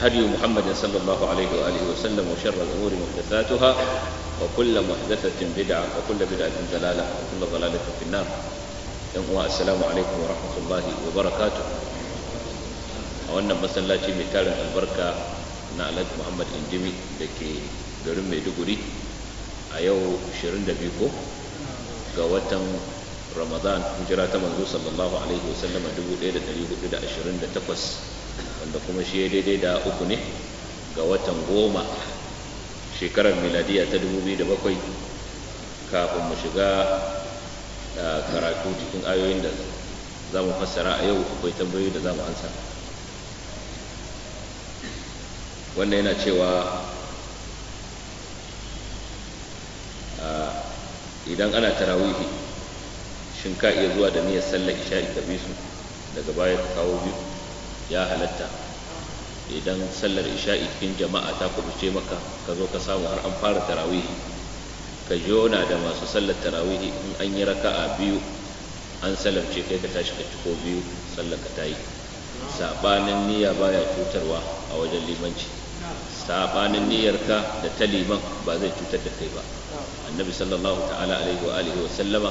هدي محمد صلى الله عليه وآله وسلم وشر الأمور محدثاتها وكل محدثة بدعة وكل بدعة ضلالة وكل ضلالة في النار يوم السلام عليكم ورحمة الله وبركاته أولا مثلا شيء مثال البركة نعلج محمد إنجمي لكي garin maiduguri a yau 22 ko ga watan ramadan hijira ta manzo sallallahu alaihi wasallam 1428 wanda kuma shi ya daidai da uku ne ga watan goma shekarar miladiya ta da bakwai kafin mu shiga karatu cikin ayoyin da za mu fassara a yau akwai tambayoyi da za mu ansa wannan yana cewa idan ana tarawihi shin ka iya zuwa da niyyar sallar isha'i ta bisu daga baya ka kawo biyu ya halatta idan sallar isha'i cikin jama'a ta kubuce maka ka zo ka samu har an fara tarawihi ka jona da masu sallar tarawihi in an yi raka'a biyu an salamce kai ka tashi ka ciko biyu sallar ka ta yi saɓanin niyya baya cutarwa a wajen limanci niyyar niyyarka da ta liman ba zai cutar da kai ba annabi sallallahu ta'ala alaihi wa alihi wa sallama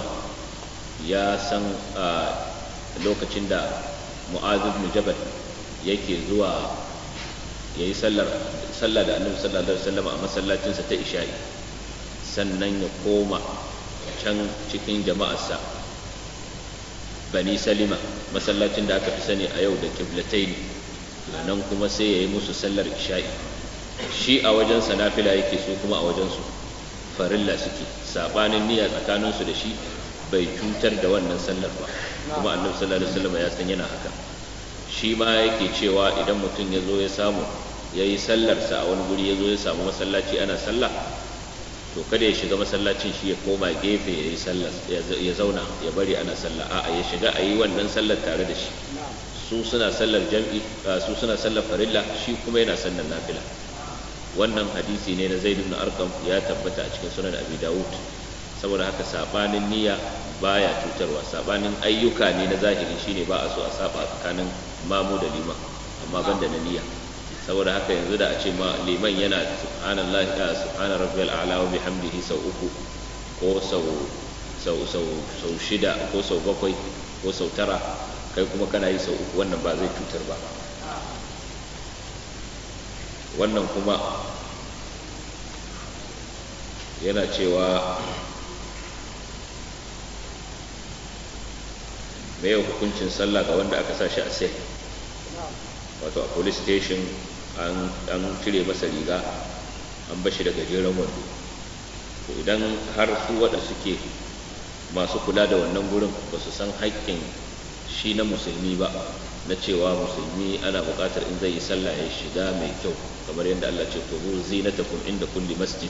ya san ah, lokacin da mu'az ibn yake zuwa ya yi sallar da annabi sallallahu alaihi wasallam a masallacinsa ta isha'i sannan ya koma can cikin jama'arsa bani salima masallacin da aka fi sani a yau da kiblatai a nan kuma sai ya yi musu sallar isha'i shi a wajensa nafila yake su kuma a wajensu farilla suke sabanin niyya tsakaninsu da shi bai cutar da wannan sallar ba kuma annabi sallallahu alaihi wasallam ya san yana haka shi ma yake cewa idan mutum ya zo ya samu ya yi sallarsa a wani guri ya zo ya samu masallaci ana sallah to kada ya shiga masallacin shi ya koma gefe ya yi sallar ya zauna ya bari ana sallah a'a ya shiga a yi wannan sallar tare da shi su suna sallar jam'i su suna sallar farilla shi kuma yana sallar nafila wannan hadisi ne na zaid ibn arqam ya tabbata a cikin sunan abi dawud saboda haka sabanin niyya baya cutarwa sabanin ayyuka ne na zahiri shine ba a so a saba tsakanin mamu da liman amma ban da na niyya saboda haka yanzu da a ce ma liman yana subhanallah subhana rabbil a'la wa bihamdihi sau uku ko sau sau sau sau shida ko sau bakwai ko sau tara kai kuma kana yi sau uku wannan ba zai cutar ba wannan kuma yana cewa me hukuncin sallah ga wanda aka sa shi a sai wato a police station an cire masa riga an bashi da gajeren wando to idan har su waɗanda suke masu kula da wannan gurin ba su san haƙƙin shi na musulmi ba na cewa musulmi ana buƙatar in zai yi sallah ya shiga mai kyau kamar yadda Allah ce ko zinata, zinatakum inda kulli masjid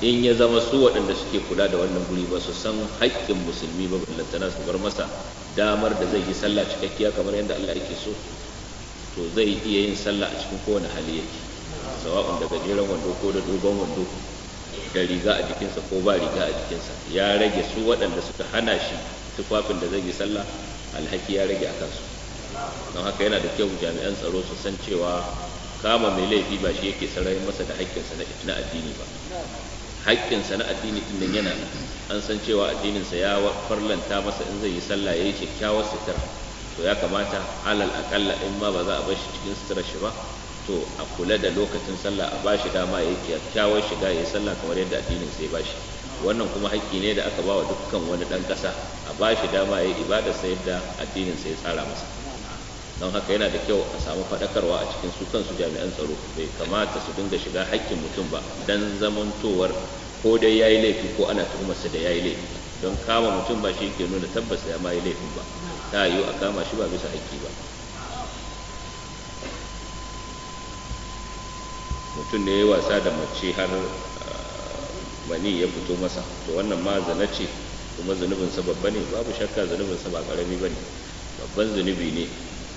in ya zama su waɗanda suke kula da wannan guri ba su san haƙƙin musulmi ba ballantana su bar masa damar da zai yi sallah cikakkiya kamar yadda Allah yake so to zai iya yin sallah a cikin kowane hali yake sawa'un daga jiran wando ko da dogon wando da riga a jikinsa ko ba riga a jikinsa ya rage su waɗanda suka hana shi tufafin da zai yi sallah alhaki ya rage a kansu don haka yana da kyau jami'an tsaro su san cewa kama mai laifi ba shi yake sarari masa da haƙƙinsa na addini ba haƙƙinsa na addini din nan yana an san cewa addininsa ya farlanta masa in zai yi sallah ya yi kyakkyawar sitar. to ya kamata alal akalla in ma ba za a bar shi cikin suturar shi ba to a kula da lokacin sallah a bashi dama ya yi kyakkyawar shiga ya yi sallah kamar yadda addinin sai bashi wannan kuma haƙƙi ne da aka ba wa dukkan wani ɗan ƙasa a bashi dama ya ibada sai yadda addinin sai ya tsara masa don haka yana da kyau a samu faɗakarwa a cikin su kansu jami'an tsaro bai kamata su dinga shiga haƙƙin mutum ba dan zamantowar ko dai ya yi laifi ko ana tuhumarsa da ya yi laifi don kama mutum ba shi ke nuna tabbas ya ma yi laifin ba ta yiwu a kama shi ba bisa haƙƙi ba mutum ne ya wasa da mace har ah, mani ya fito masa to wannan ma zana ce kuma zunubinsa babba ne babu shakka zunubinsa ba karami ba ne babban zunubi ne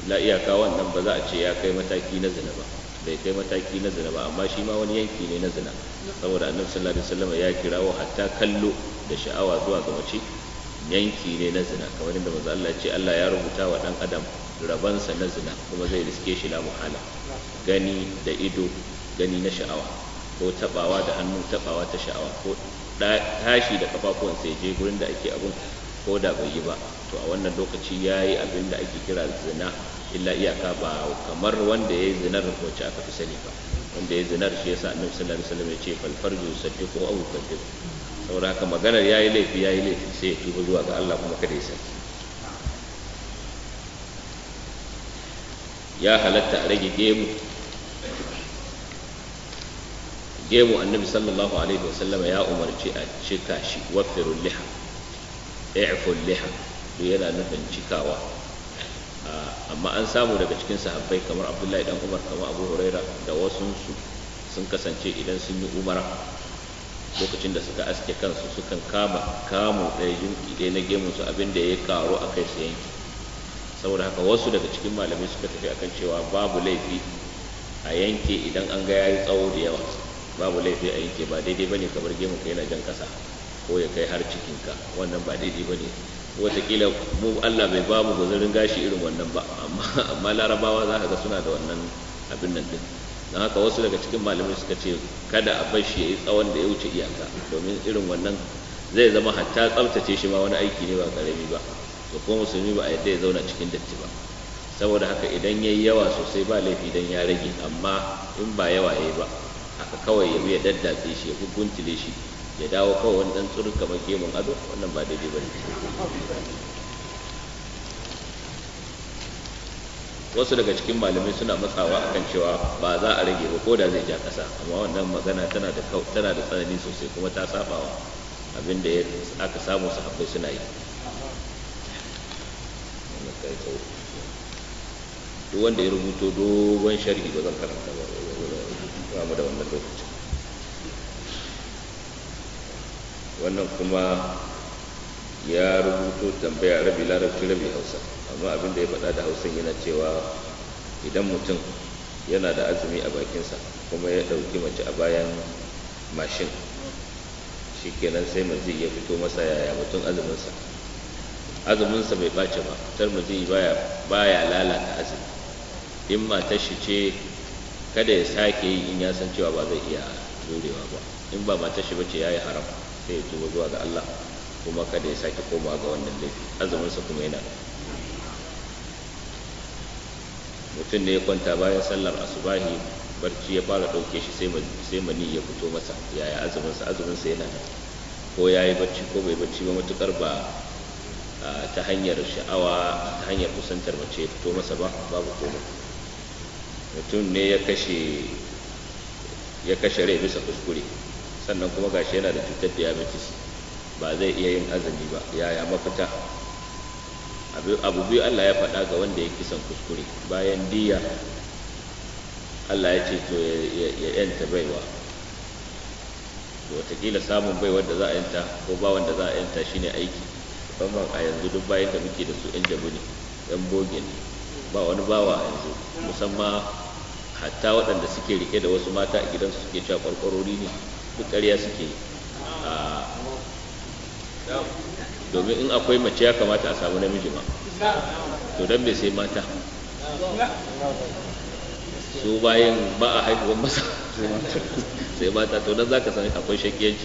la iyaka wannan ba za a ce ya kai mataki na zina ba bai kai mataki na zina ba amma shi ma wani yanki ne na zina saboda annabi sallallahu alaihi wasallam ya kirawo hatta kallo da sha'awa zuwa ga mace yanki ne na zina kamar yadda maza Allah ce Allah ya rubuta wa ɗan adam rabansa na zina kuma zai riske shi la muhala gani da ido gani na sha'awa ko tabawa da hannu tabawa ta sha'awa ko tashi da kafafuwan sai je gurin da ake abun ko da bai yi ba to a wannan lokaci ya yi abin da ake kira zina illa iyaka ba kamar wanda ya yi zinar wacce aka fi sani ba wanda ya yi zinar shi yasa annabi sallallahu alaihi wasallam ya ce falfarju sadiqu aw kadhib saboda haka maganar ya yi laifi ya yi laifi sai ya tuba zuwa ga Allah kuma kada ya saki ya halatta a rage gemu gemu annabi sallallahu alaihi sallama ya umarci a cika shi wafirul liha i'ful liha to yana nufin cikawa amma an samu daga cikin sahabbai kamar abdullahi dan umar kamar abu huraira da wasu sun kasance idan sun yi umara lokacin da suka aske kansu sukan kama kamu ɗaya yunki ɗaya na gemun su abin da ya karo a kai su yanki saboda haka wasu daga cikin malamai suka tafi akan cewa babu laifi a yanke idan an ga yayi tsawo da yawa babu laifi a yanke ba daidai bane kamar gemun ka yana jan kasa ko ya kai har cikin ka wannan ba daidai bane watakila mu Allah bai ba mu guzurin gashi irin wannan ba amma larabawa za ka ga suna da wannan abin nan din don haka wasu daga cikin malamai suka ce kada a bar shi ya yi tsawon da ya wuce iyaka domin irin wannan zai zama hatta tsabtace shi ma wani aiki ne ba karami ba to kuma musulmi ba a yadda ya zauna cikin datti ba saboda haka idan ya yi yawa sosai ba laifi dan ya rage amma in ba yawa ya yi ba haka kawai ya ya daddatse shi ya guguntule shi ya dawo kawai wani dan tsurka mai gemun ado wannan ba daidai ba ne wasu daga cikin malamai suna matsawa akan cewa ba za a rage ba ko da zai ja kasa amma wannan magana tana da kau tana da tsanani sosai kuma ta sabawa abin da aka samu sahabbai suna yi duk wanda ya rubuto dogon sharhi ba zan karanta ba mu da wannan lokaci wannan kuma ya rubuto tambaya rabi larabci rabi hausa amma abin da ya faɗa da hausan yana cewa idan mutum yana da azumi a bakinsa kuma ya ɗauki mace a bayan mashin shi kenan sai mazi ya fito masa yaya mutum azuminsa azuminsa bai ɓace ba tar mazi baya baya lalata azumi in matar shi ce kada ya sake yi in ya san cewa ba zai iya jurewa ba in ba matar shi bace yi haram sai ya tuba zuwa ga Allah kuma kada ya sake komawa ga wannan laifi azuminsa kuma yana da mutum ne ya kwanta bayan sallar asubahi barci ya fara ɗauke shi sai mani ya fito masa yaya azumin sa yana nan ko yi barci ko bai barci ba matukar ba ta hanyar sha'awa ta hanyar kusantar mace ya fito masa ba babu koma mutum ne ya kashe ya kashe rai bisa kuskure sannan kuma gashi yana da cutar diabetes ba zai iya yin azumi ba yaya mafita abu biyu Allah ya faɗa ga wanda ya kisan kuskure bayan diya Allah ya ce to ya yanta baiwa watakila samun bai wanda za a yanta ko ba wanda za a yanta shine aiki musamman a yanzu duk bayan da muke da su yan jabu ne yan boge ne ba wani bawa a yanzu musamman hatta waɗanda suke rike da wasu mata a gidansu suke cewa kwarkwarori ne duk ƙarya suke yi ah. domin in akwai mace ya kamata a samu namiji ba to dan bai sai mata su bayan ba a haihuwar masa sai mata to za zaka sani akwai shakiyar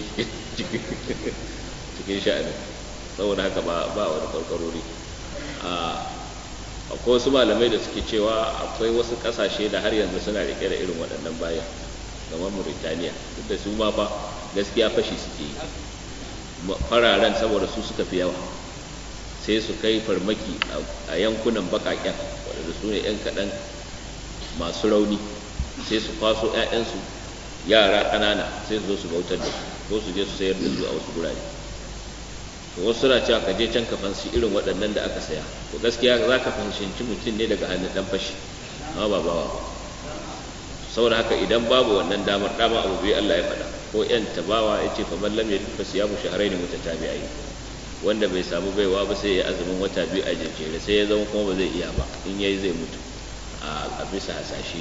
cikin sha'ani, saboda haka ba wani kwarkwarori akwai wasu malamai da suke cewa akwai wasu kasashe da har yanzu suna riƙe da irin waɗannan bayan kamar Mauritania duk da su ma fa gaskiya fashi suke yi fararen saboda su suka fi yawa sai su kai farmaki a yankunan bakaken wadanda su ne 'yan kaɗan masu rauni sai su faso 'ya'yansu yara ƙanana sai su zo su bautar da su ko su je su sayar da su a wasu gurare to wasu suna cewa ka je can ka fansi irin waɗannan da aka saya to gaskiya za ka fahimci mutum ne daga hannun ɗan fashi amma ba bawa saboda haka idan babu wannan damar dama abu biyu Allah ya faɗa ko yan tabawa ya ce faman lam yajid fa siyamu shahrayn mutatabi'ai wanda bai samu baiwa ba sai ya azumin wata biyu a jejjere sai ya zama kuma ba zai iya ba in yayi zai mutu a bisa hasashe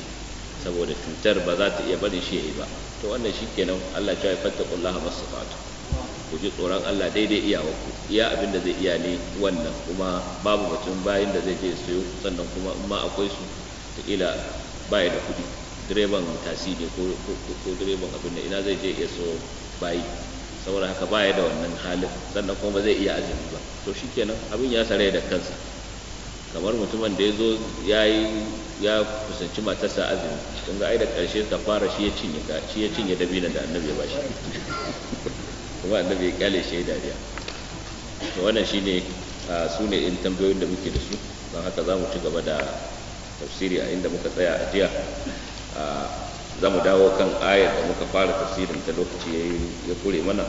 saboda cutar ba za ta iya barin shi yayi ba to wannan shikenan Allah ya kullaha masifatu ku ji tsoron Allah daidai iyawarku iya abin da zai iya ne wannan kuma babu batun bayin da zai je sayo sannan kuma in ma akwai su ta ila baya da kuɗi direban tasi ko direban abin da ina zai je ya so bayi saboda haka baya da wannan halin sannan kuma ba zai iya azumi ba to shikenan abin ya sare da kansa kamar mutumin da ya zo ya yi ya kusanci matarsa azumi kun ga ai da karshe ka fara shi ya cinye shi dabina da annabi ya bashi kuma annabi ya kyale shi dariya to wannan shine su ne in tambayoyin da muke da su don haka za mu ci gaba da tafsiri a inda muka tsaya a jiya za mu dawo kan ayar da muka fara tafsirin ta lokaci ya kure mana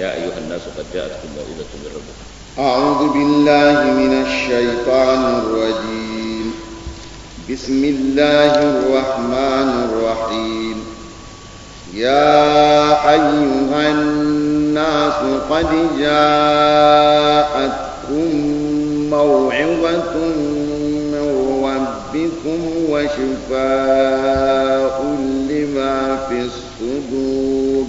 ya ayyuha nasu qad ja'atkum mau'izatun min rabbikum a'udhu billahi minash shaitanir rajim bismillahir rahmanir ya ayyuhan nasu qad ja'atkum mau'izatun وشفاء لما في الصدور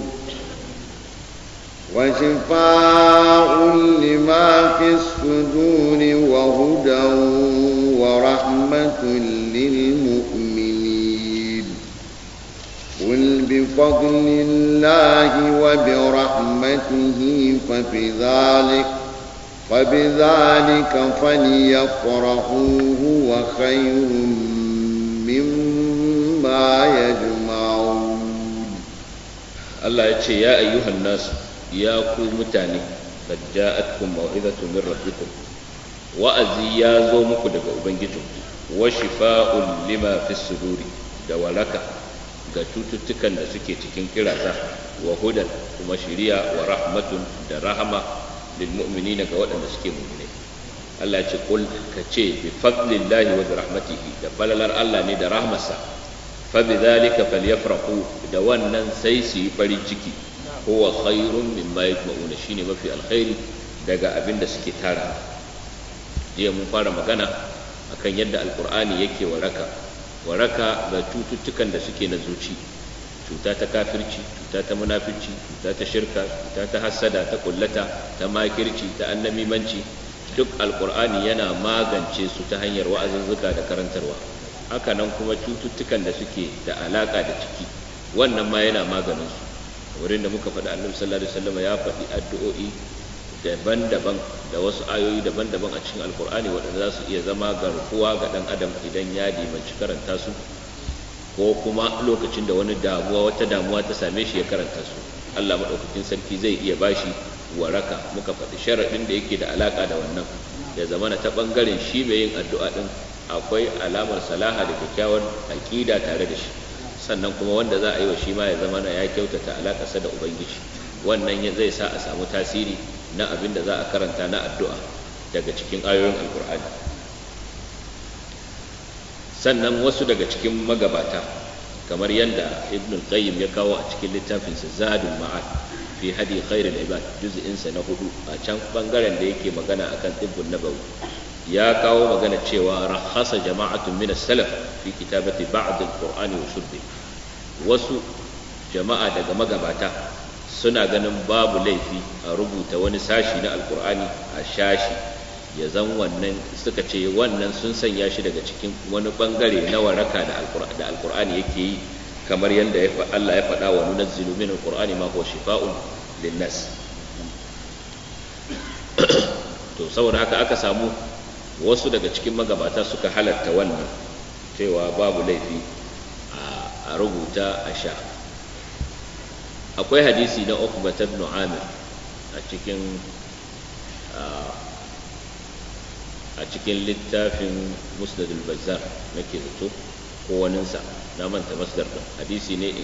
وشفاء لما في الصدور وهدى ورحمة للمؤمنين قل بفضل الله وبرحمته فبذلك فبذلك فليفرحوا هو خير mimma yajma'un Allah ya ce ya ayyuhan nasu ya ku mutane qad ja'atkum min rabbikum wa'azi ya zo muku daga ubangijinku wa shifa'un lima fi suduri da walaka ga cututtukan da suke cikin kirasa wa hudan kuma shiriya wa rahmatun da rahama lil mu'minina ga waɗanda suke mu'mini Allah ce kul ka ce bi fadlillahi wa rahmatihi da falalar Allah ne da rahmarsa fa bi zalika falyafrahu da wannan sai su yi farin ciki huwa khairun mimma yajma'una shine mafi alkhairi daga abin da suke tara jiya mun fara magana akan yadda alkur'ani yake waraka waraka ga cututtukan da suke na zuci cuta ta kafirci cuta ta munafici cuta ta shirka cuta ta hassada ta kullata ta makirci ta annamimanci duk alkur'ani yana magance su ta hanyar wa'azuzzuka da karantarwa haka nan kuma cututtukan da suke da alaka da ciki wannan ma yana maganin su wurin da muka faɗi annabi sallallahu alaihi wasallam ya faɗi addu'o'i daban-daban da wasu ayoyi daban-daban a cikin alkur'ani waɗanda za su iya zama garkuwa ga ɗan adam idan ya dimanci karanta su ko kuma lokacin da wani damuwa wata damuwa ta same shi ya karanta su allah maɗaukakin sarki zai iya bashi waraka muka faɗi sharaɗin da yake da alaƙa da wannan ya zama na ta ɓangaren shi mai yin addu'a ɗin akwai alamar salaha da kyakkyawar aƙida tare da shi sannan kuma wanda za a yi wa shi ma ya zama na ya kyautata alaƙarsa da ubangiji wannan zai sa a samu tasiri na abin da za a karanta na addu'a daga cikin ayoyin Alƙur'ani, sannan wasu daga cikin magabata kamar yadda ibn qayyim ya kawo a cikin littafinsa zadul ma'ad fi hadi al ibad sa na hudu a can bangaren da yake magana akan tibbun nabawi ya kawo magana cewa rahasa jama'atun min salaf fi kitabati ba'd al quran wa shubbi wasu jama'a daga magabata suna ganin babu laifi a rubuta wani sashi na alkur'ani a shashi ya zan wannan suka ce wannan sun sanya shi daga cikin wani bangare na waraka da alkur'ani yake yi kamar yadda Allah ya faɗa wa nunazzilu min qur'ani ma huwa shifaa'un linnas to saboda haka aka samu wasu daga cikin magabata suka halatta wannan cewa babu laifi a rubuta a sha akwai hadisi na okubatar ibn a cikin a cikin littafin Musnad al-Bazzar nake zato kowaninsa na manta masdar din hadisi ne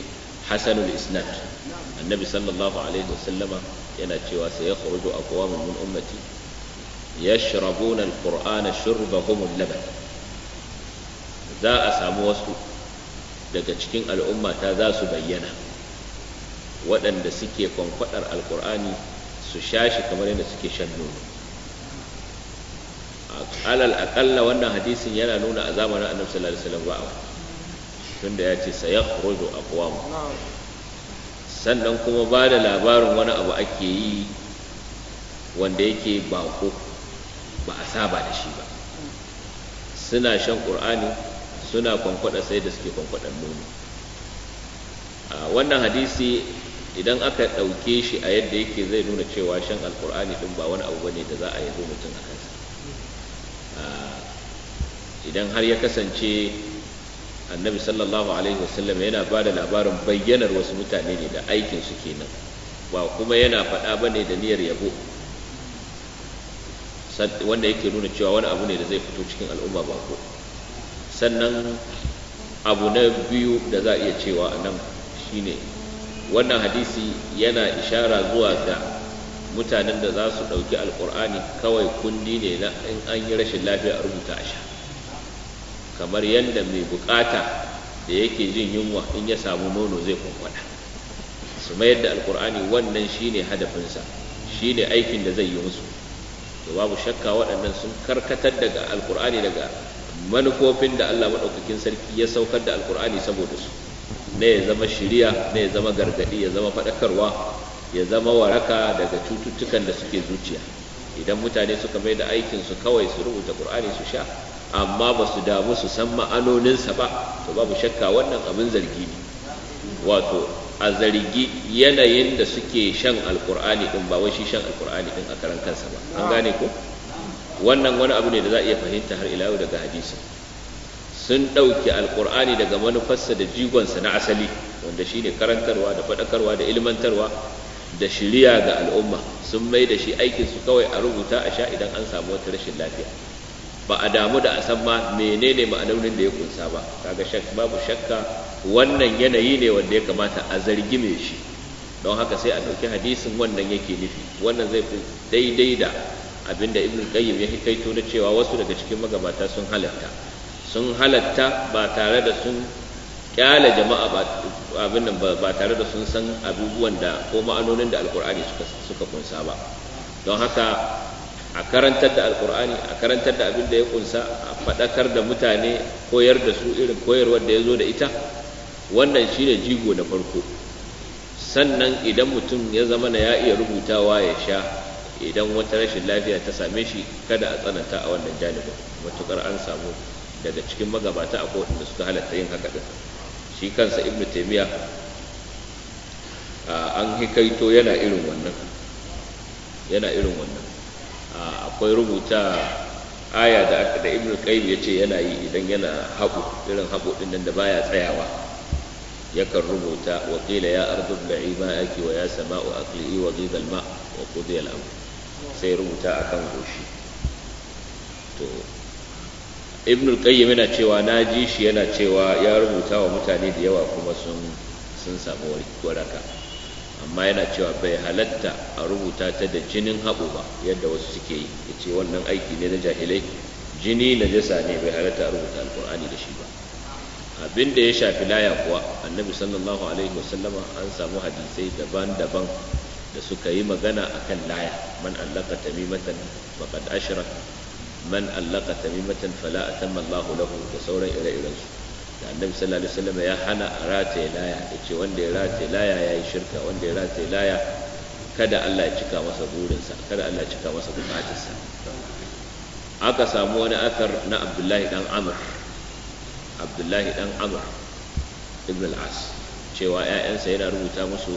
hasanul isnad annabi sallallahu alaihi wasallama yana cewa sai ya khuruju aqwamun min ummati yashrabuna alqur'ana shurbahum al-laban za a samu wasu daga cikin al'umma ta za su bayyana waɗanda suke kwankwadar alkur'ani su sha shi kamar yadda suke shan nono alal aƙalla wannan hadisin yana nuna a zamanin annabi sallallahu alaihi wasallam ba tunda ya ce sayakhruju aqwam sannan kuma ba da labarin wani abu ake yi wanda yake bako ba a saba da shi ba suna shan qur'ani suna kwankwada sai da suke kwankwadan nono wannan hadisi idan aka ɗauke shi a yadda yake zai nuna cewa shan alkur'ani ɗin ba wani abu ne da za a yabo mutum a kansa idan har ya kasance annabi sallallahu alaihi wasallam yana ba da labarin bayyanar wasu mutane ne da aikin su kenan ba kuma yana faɗa ba ne da niyyar yabo wanda yake nuna cewa wani abu ne da zai fito cikin al'umma ba ko sannan abu na biyu da za a iya cewa a nan shine wannan hadisi yana ishara zuwa ga mutanen da za su ɗauki alƙur'ani kawai kundi ne na in an yi rashin lafiya a rubuta a sha kamar yadda mai bukata da yake jin yunwa in ya samu nono zai kwakwada su mayar da alkur'ani wannan shine hadafinsa shine aikin da zai yi musu to babu shakka waɗannan sun karkatar daga alkur'ani daga manufofin da Allah maɗaukakin sarki ya saukar da alkur'ani saboda su Na ya zama shiriya ne ya zama gargaɗi ya zama faɗakarwa ya zama waraka daga cututtukan da suke zuciya idan mutane suka mai da aikinsu kawai su rubuta ƙur'ani su sha amma ba su damu su san ma'anoninsa ba to babu shakka wannan abin zargi ne wato a zargi yanayin da suke shan alkur'ani din ba wai shi shan alkur'ani din a karan kansa ba an gane ko wannan wani abu ne da za a iya fahimta har ila yau daga hadisi sun ɗauki alkur'ani daga manufarsa da jigonsa na asali wanda shine karantarwa da faɗakarwa da ilmantarwa da shirya ga al'umma sun mai da shi aikinsu kawai a rubuta a sha idan an samu wata rashin lafiya ba a damu da a san ma menene ma'anonin da ya kunsa ba kaga shak babu shakka wannan yanayi ne wanda ya kamata a zargi me shi don haka sai a ɗauki hadisin wannan yake nufi wannan zai fi daidai da abinda ibn qayyim ya hikaito da cewa wasu daga cikin magabata sun halatta sun halatta ba tare da sun kyala jama'a abin nan ba tare da sun san abubuwan da ko ma'anonin da alkur'ani suka kunsa ba don haka a karantar da alkur'ani a karantar da abin da ya kunsa a faɗakar da mutane koyar da su irin koyarwar da ya zo da ita wannan shi ne jigo na farko sannan idan mutum ya zama na ya iya rubutawa ya sha idan wata rashin lafiya ta same shi kada a tsananta a wannan janibin matukar an samu daga cikin magabata a da suka halatta yin haka din shi kansa ibnu taimiya an hikaito yana irin wannan akwai rubuta aya da aka da ibnu qayyim yace yana yi idan yana haƙo irin haƙo din nan da baya tsayawa yakan rubuta wa qila ya ardu bi ma'aki wa ya sama'u aqli'i wa ghidha al-ma' wa qudiya al-amr sai rubuta akan goshi to ibnu qayyim yana cewa na ji shi yana cewa ya rubuta wa mutane da yawa kuma sun sun samu waraka amma yana cewa bai halatta a rubuta ta da jinin haɓu ba yadda wasu suke yi ya ce wannan aiki ne na jahilai jini na jasa ne bai halatta a rubuta alkur'ani da shi ba abin da ya shafi laya kuwa annabi sallallahu alaihi wasallama an samu hadisai daban-daban da suka yi magana akan laya man allaka tamimatan faqad ashrak man allaka tamimatan fala atamma Allahu lahu da sauran ire-irensu da annabi sallallahu alaihi wasallam ya hana a rataye laya ya ce wanda ya rataye laya ya yi shirka wanda ya rataye laya kada Allah ya cika masa burinsa kada Allah ya cika masa bukatarsa aka samu wani akar na abdullahi dan amr abdullahi dan amr ibn al-as cewa ‘ya'yansa yana rubuta musu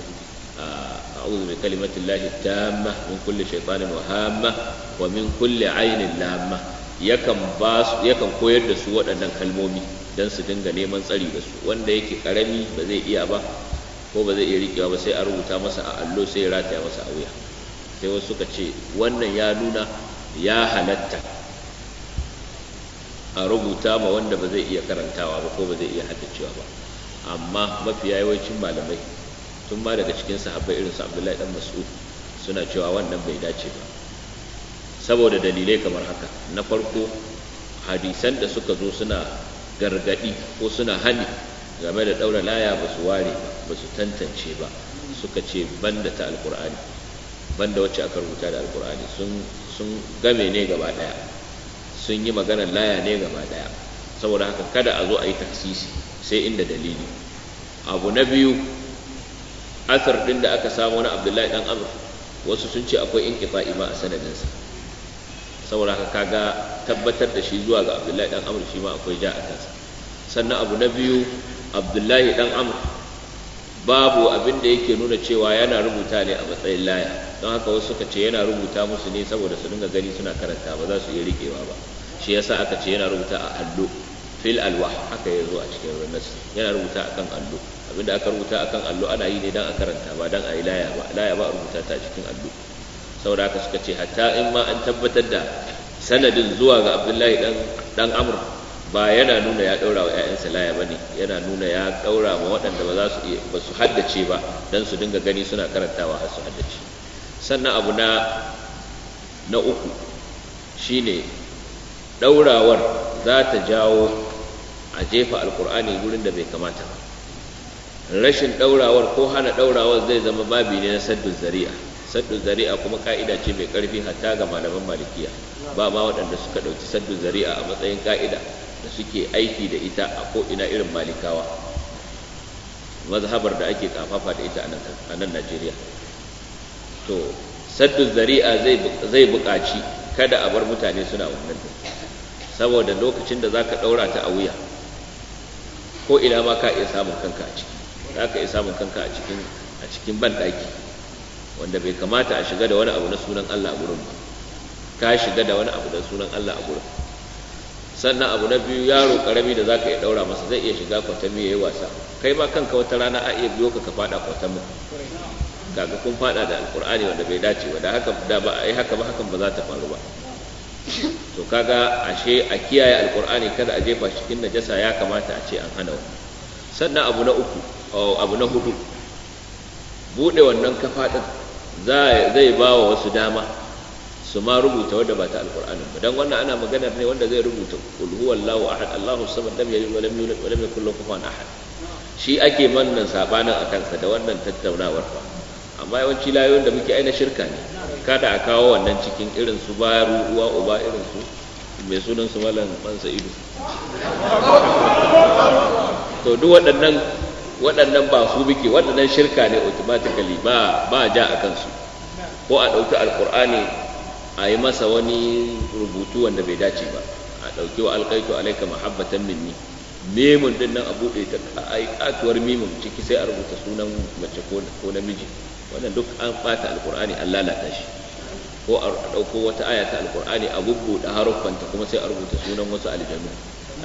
a uzu bi kalimatin lahi tamma min kulle shaitanin wahamma wa min kulle ainin lamma yakan koyar da su waɗannan kalmomi don su dinga neman tsari da su wanda yake karami ba zai iya ba ko ba zai iya rikewa ba sai a rubuta masa a allo sai ya rataya masa a wuya sai wasu ka ce wannan ya nuna ya halatta a rubuta ma wanda ba zai iya karantawa ba ko ba zai iya haddacewa ba amma mafiya yawancin malamai tun ma daga cikin sahabbai irin su abdullahi dan mas'ud suna cewa wannan bai dace ba saboda dalilai kamar haka na farko hadisan da suka zo suna gargadi ko suna hani game da daura laya ba su ware ba su tantance ba suka ce banda ta alkur'ani banda wacce aka rubuta da alkur'ani sun game ne gaba daya sun yi maganar laya ne gaba daya saboda haka kada a zo a yi taksisi sai inda dalili abu na biyu asar din da aka samu na abdullahi dan amr wasu sun ce akwai inkifa'i ma a sanadinsa saboda haka kaga tabbatar da shi zuwa ga abdullahi dan amr shi ma akwai ja a kansa sannan abu na biyu abdullahi dan amr babu abin da yake nuna cewa yana rubuta ne a matsayin laya don haka wasu suka ce yana rubuta musu ne saboda su dinga gani suna karanta ba za su yi rikewa ba shi yasa aka ce yana rubuta a allo fil alwah haka ya zo a cikin rannas yana rubuta akan allo abinda aka rubuta akan allo ana yi ne don a karanta ba don a yi laya ba laya ba a rubuta ta cikin allo saboda haka suka ce hatta in ma an tabbatar da sanadin zuwa ga abdullahi dan dan amr ba yana nuna ya daura wa ƴaƴansa laya bane yana nuna ya daura ma waɗanda ba za su ba su haddace ba dan su dinga gani suna karantawa har su haddace sannan abu na na uku shine daurawar za ta jawo a jefa alkur'ani gurin da bai kamata rashin daurawar ko hana daurawar zai zama babi ne na saddun zari'a saddu zari'a kuma ka'ida ce mai karfi hatta ga malaman malikiya ba ma waɗanda suka ɗauki saddu zari'a a matsayin ka'ida da suke aiki da ita a ko ina irin malikawa mazhabar da ake kafafa da ita a nan najeriya to saddu zari'a zai buƙaci kada a bar mutane suna wannan saboda lokacin da za ka ɗaura ta a wuya ko ina ma ka iya samun kanka a ciki za ka iya samun kanka a cikin banɗaki wanda bai kamata a shiga da wani abu na sunan Allah a gurin ba. ka shiga da wani abu da sunan Allah a gurin sannan abu na biyu yaro karami da zaka iya daura masa zai iya shiga kwatami yayi wasa kai ma kanka wata rana a iya biyo ka ka fada kwatamin kaga kun fada da alkur'ani wanda bai dace ba da haka da ba ai haka ba hakan ba za ta faru ba to kaga ashe a kiyaye alkur'ani kada a jefa shi cikin najasa ya kamata a ce an hana wa. sannan abu na uku abu na hudu bude wannan kafa din zai ba wa wasu dama su ma rubuta wadda ba ta alƙur'anin ba don wannan ana maganar ne wanda zai rubuta kulhu wallahu ahad allahu samad lam yalid wa lam yulad wa kullum yakul shi ake mannan sabanin a kansa da wannan tattaunawar fa amma yawanci layoyin da muke aina shirka ne kada a kawo wannan cikin irin su ba ruwa uba irin su mai sunan su malam man sa'idu to duk waɗannan waɗannan ba su muke waɗannan shirka ne automatically ba ba ja a kansu ko a ɗauki alƙur'ani a yi masa wani rubutu wanda bai dace ba a ɗauki wa alƙaitu alaika mahabbatan minni memun din nan a buɗe ta katuwar memun ciki sai a rubuta sunan mace ko namiji wannan duk an ɓata alƙur'ani an lalata shi ko a ɗauko wata aya ta alƙur'ani a bubbuɗe haruffanta kuma sai a rubuta sunan wasu aljanu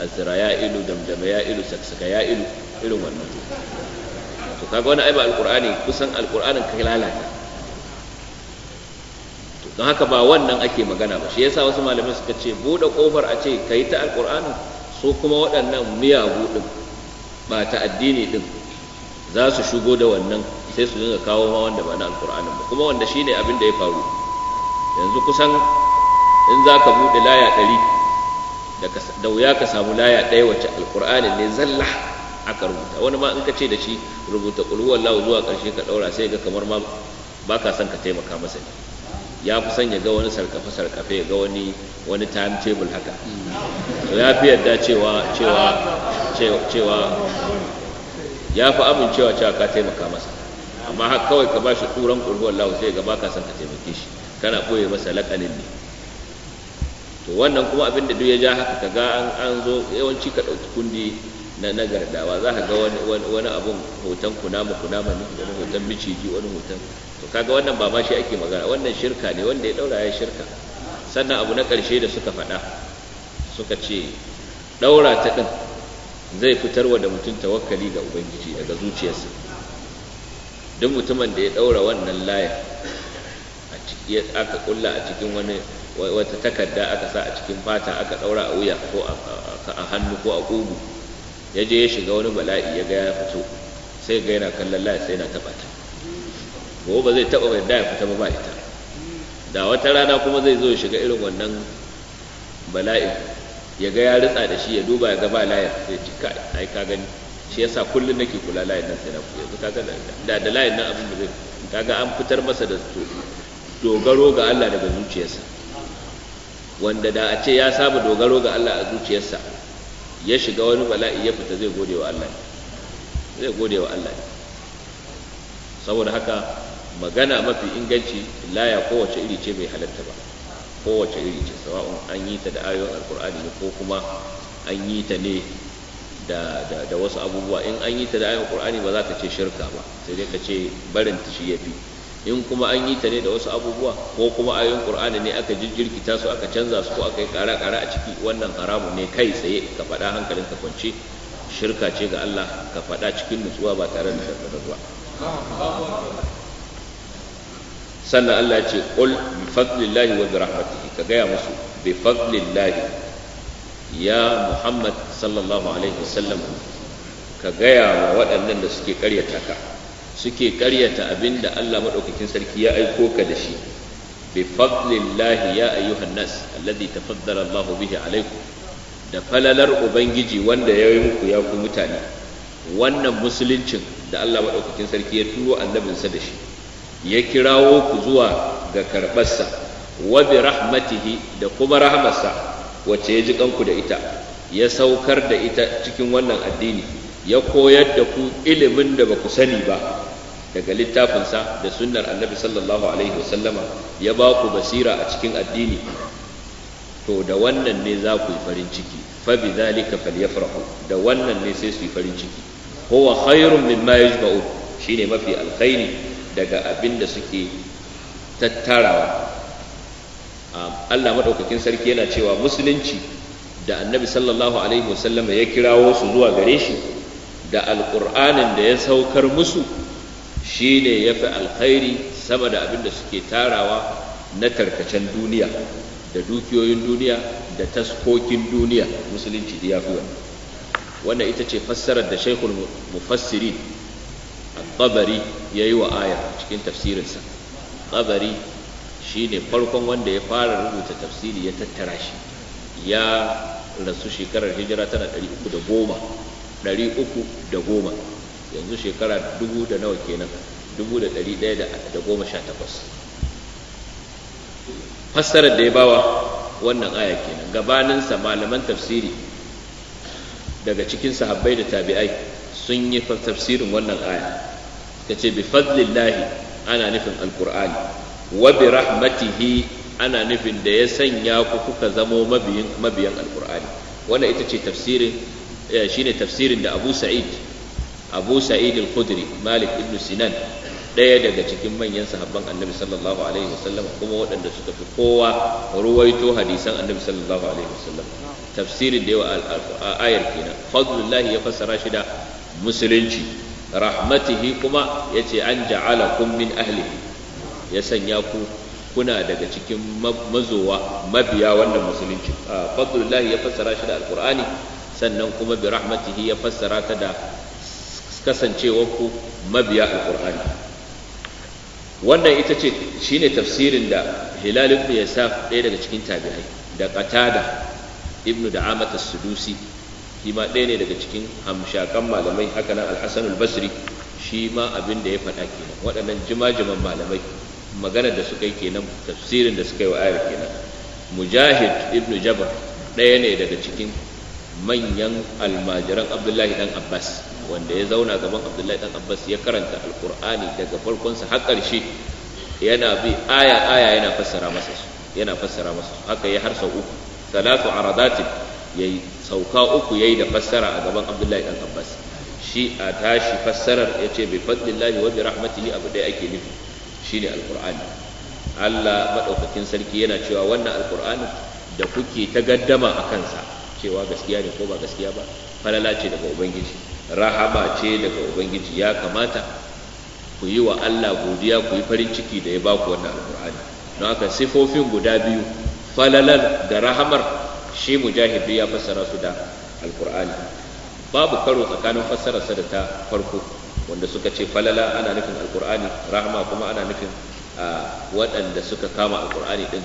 azra ya ilu damdama ya ilu saksaka ya ilu irin wannan to kaga wani ai ba alqur'ani kusan alqur'anin ka lalata to don haka ba wannan ake magana ba shi yasa wasu malamai suka ce bude kofar a ce kai ta alqur'anin su kuma waɗannan miyagu din ba ta addini din za su shigo da wannan sai su dinga kawo ma wanda ba na alqur'anin ba kuma wanda shine abin da ya faru yanzu kusan in za ka buɗe laya ɗari da wuya ka samu laya ɗaya wacce alƙur'anin ne zalla aka rubuta wani ma in ka ce da shi rubuta kulhuwar lahu zuwa ƙarshe ka daura sai ga kamar ma ba ka son ka taimaka masa ne ya fi son ya ga wani sarkafe sarkafe ya ga wani wani time table haka to ya fi yadda cewa cewa cewa ya fi amincewa cewa ka taimaka masa amma haka kawai ka ba shi turan kulhuwar sai ga ba ka son ka taimake shi kana koye masa laƙanin ne to wannan kuma abin da duk ya ja haka ka ga an zo yawanci ka ɗauki kundi na nagardawa za ka ga wani abun hoton kunama kunama ne wani hoton miciji wani hoton to kaga wannan ba ma shi ake magana wannan shirka ne wanda ya daura ya shirka sannan abu na karshe da suka faɗa suka ce daura ta ɗin zai fitar wa da mutum tawakkali ga ubangiji daga zuciyarsa duk mutumin da ya daura wannan layar a ciki aka kulla a cikin wani wata takarda aka sa a cikin fata aka daura a wuya ko a hannu ko a ƙugu ya je ya shiga wani bala'i ya ga ya fito sai ga yana kallon layar sai yana taɓa ta gobe ba zai taɓa da ya fita ba ba ita da wata rana kuma zai zo ya shiga irin wannan bala'i ya ga ya ritsa da shi ya duba ya ga ba layar sai ci ka ai ka gani shi yasa kullum nake kula layin nan sai na kuya kaga da da layin nan abin da zai kaga an fitar masa da dogaro ga Allah daga zuciyarsa wanda da a ce ya saba dogaro ga Allah a zuciyarsa ya shiga wani bala'i ya fita zai gode wa Allah zai gode wa Allah saboda haka magana mafi inganci laya kowace iri ce bai halatta ba kowace iri ce sawa'un an yi ta da ayoyin alkur'ani ne ko kuma an yi ta ne da, da, da wasu abubuwa in an yi ta da ayoyin alkur'ani ba za ka ce shirka ba sai dai ka ce barin ta shi ya fi in kuma an yi ta ne da wasu abubuwa ko kuma ayoyin qur'ani ne aka jirgirkita su aka canza su ko aka yi kara kara a ciki wannan haramu ne kai tsaye ka faɗa hankalin ka kwance shirka ce ga Allah ka faɗa cikin nutsuwa ba tare da tsarkarwa sannan Allah ya ce qul bi fadlillahi wa bi rahmatihi ka gaya musu bi fadlillahi ya Muhammad sallallahu alaihi wasallam ka gaya wa waɗannan da suke ƙaryata ka suke karyata abin da Allah maɗaukakin sarki ya aiko ka da shi bi fadlillahi ya ayyuhan nas alladhi tafaddala Allah bihi alaiku. da falalar ubangiji wanda ya yi muku ya ku mutane wannan musuluncin da Allah maɗaukakin sarki ya turo annabinsa da shi ya kirawo ku zuwa ga karɓarsa wabi bi rahmatihi da kuma rahmarsa wacce ya ji kanku da ita ya saukar da ita cikin wannan addini ya koyar da ku ilimin da ba ku sani ba daga littafinsa da sunnar annabi sallallahu alaihi wasallama ya ba ku basira a cikin addini to da wannan ne za ku yi farin ciki fa bi zalika falyafrahu da wannan ne sai su yi farin ciki huwa khairun mimma yajma'u shine mafi alkhairi daga abin da suke tattarawa Allah madaukakin sarki yana cewa musulunci da annabi sallallahu alaihi wasallama ya kirawo su zuwa gare shi da Alkur'anin da ya saukar musu shi ne ya fi alkhairi sama da abin da suke tarawa na tarkacen duniya da dukiyoyin duniya da taskokin duniya musulunci da ya fi wannan ita ce fassarar da shaikul mufassiri a tabari ya yi wa aya cikin tafsirinsa tabari shi ne farkon wanda ya fara rubuta tafsiri ya tattara shi ya rasu shekarar hijira tana 310 yanzu shekara dubu da nawa kenan dubu da ɗari ɗaya da goma sha takwas fassarar da ya bawa wannan aya kenan gabaninsa malaman tafsiri daga cikin sahabbai da tabi'ai sun yi tafsirin wannan aya ta ce bi fadlillahi ana nufin alkur'ani wa bi rahmatihi ana nufin da ya sanya ku kuka zamo mabiyan alkur'ani wannan ita ce tafsirin eh, shine tafsirin da abu sa'id abu sa'id al-khudri malik ibn sinan ɗaya daga cikin manyan sahabban annabi sallallahu alaihi wasallam kuma waɗanda suka fi kowa ruwaito hadisan annabi sallallahu alaihi wasallam tafsirin da yawa ayar kenan fadlullahi ya fassara shi da musulunci rahmatihi kuma yace an ja'alakum min ahlihi ya sanya ku kuna daga cikin mazowa mabiya wannan musulunci ah, fadlullahi ya fassara shi da alqur'ani sannan kuma bi rahmatihi ya fassara ta da kasancewarku mabiya alkur'ani wannan ita ce shine tafsirin da hilal ibn yasaf ɗaya daga cikin tabi'ai da qatada ibn da'amat sudusi shi ma ɗaya ne daga cikin hamshakan malamai haka nan al-hasan al-basri shi ma abin da ya faɗa kenan waɗannan jima-jiman malamai maganar da suka yi kenan tafsirin da suka yi wa ayar kenan mujahid ibn jabar ɗaya ne daga cikin manyan almajiran abdullahi dan abbas wanda ya zauna gaban abdullahi dan abbas ya karanta alkur'ani daga farkonsa har ƙarshe yana bi aya aya yana fassara masa su yana fassara masa su haka ya har sau uku salatu aradatin yayi sauka uku yayi da fassara a gaban abdullahi dan abbas shi a tashi fassarar ya ce bi fadlillahi wa bi rahmatihi abu ɗaya ake nufi shine alkur'ani Allah madaukakin sarki yana cewa wannan alkur'ani da kuke ta gaddama a kansa cewa gaskiya ne ko ba gaskiya ba falala ce daga ubangiji rahama ce daga ubangiji ya kamata ku yi wa Allah godiya ku yi farin ciki da ya baku wannan al'kur'ani don haka sifofin guda biyu falalar da rahamar shi mujahidi ya fassara su da al'kur'ani babu karo tsakanin fassararsa da ta farko wanda suka ce falala ana nufin al'kur'ani rahama kuma ana nufin ah, waɗanda suka kama al'kur'ani din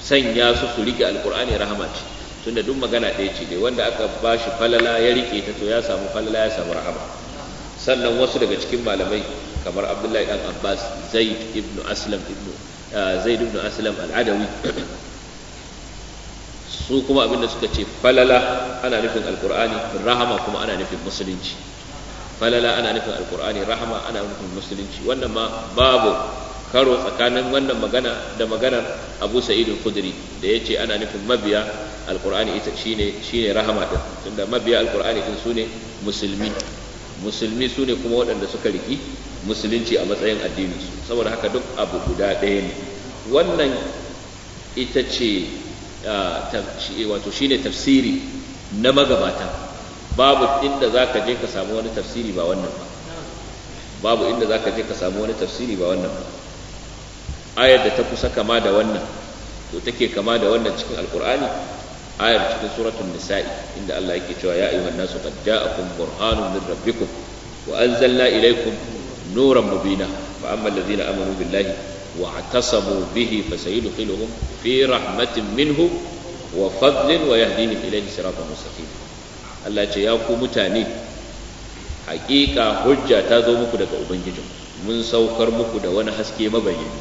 sanya su su rike al'kur'ani rahama ce tunda duk magana ɗaya ce ne wanda aka ba shi falala ya rike ta to ya samu falala ya samu rahama sannan wasu daga cikin malamai kamar abdullahi dan abbas zaid ibn aslam ibn ah, zaid ibn aslam al-adawi su kuma abinda suka ce falala ana nufin alkur'ani rahama kuma ana nufin musulunci falala ana nufin alkur'ani rahama ana nufin musulunci wannan ma babu karo tsakanin wannan magana da maganar abu sa'idul kudri da ya ce ana nufin mabiya alqur'ani ita shine rahama din tunda mabiya alqur'ani din sune musulmi musulmi sune kuma waɗanda suka riki musulunci a matsayin addinin su saboda haka duk abu guda ɗaya ne wannan ita ce wato shine tafsiri na magabata babu inda zaka je ka samu wani tafsiri ba wannan ba babu inda za ka je ka samu wani tafsiri ba wannan ba. ayar da ta kusa kama da wannan to take kama da wannan cikin alkur'ani ayar cikin suratul nisa'i inda Allah yake cewa ya ayyuhan nasu qad ja'akum burhanun min rabbikum wa anzalna ilaykum nuran mubina fa amma alladhina amanu billahi wa atasamu bihi fasayudkhiluhum fi rahmatin minhu wa fadlin wa yahdihim ilayhi siratan mustaqim Allah ce ya ku mutane haƙiƙa hujja ta zo muku daga ubangijin mun saukar muku da wani haske mabayyani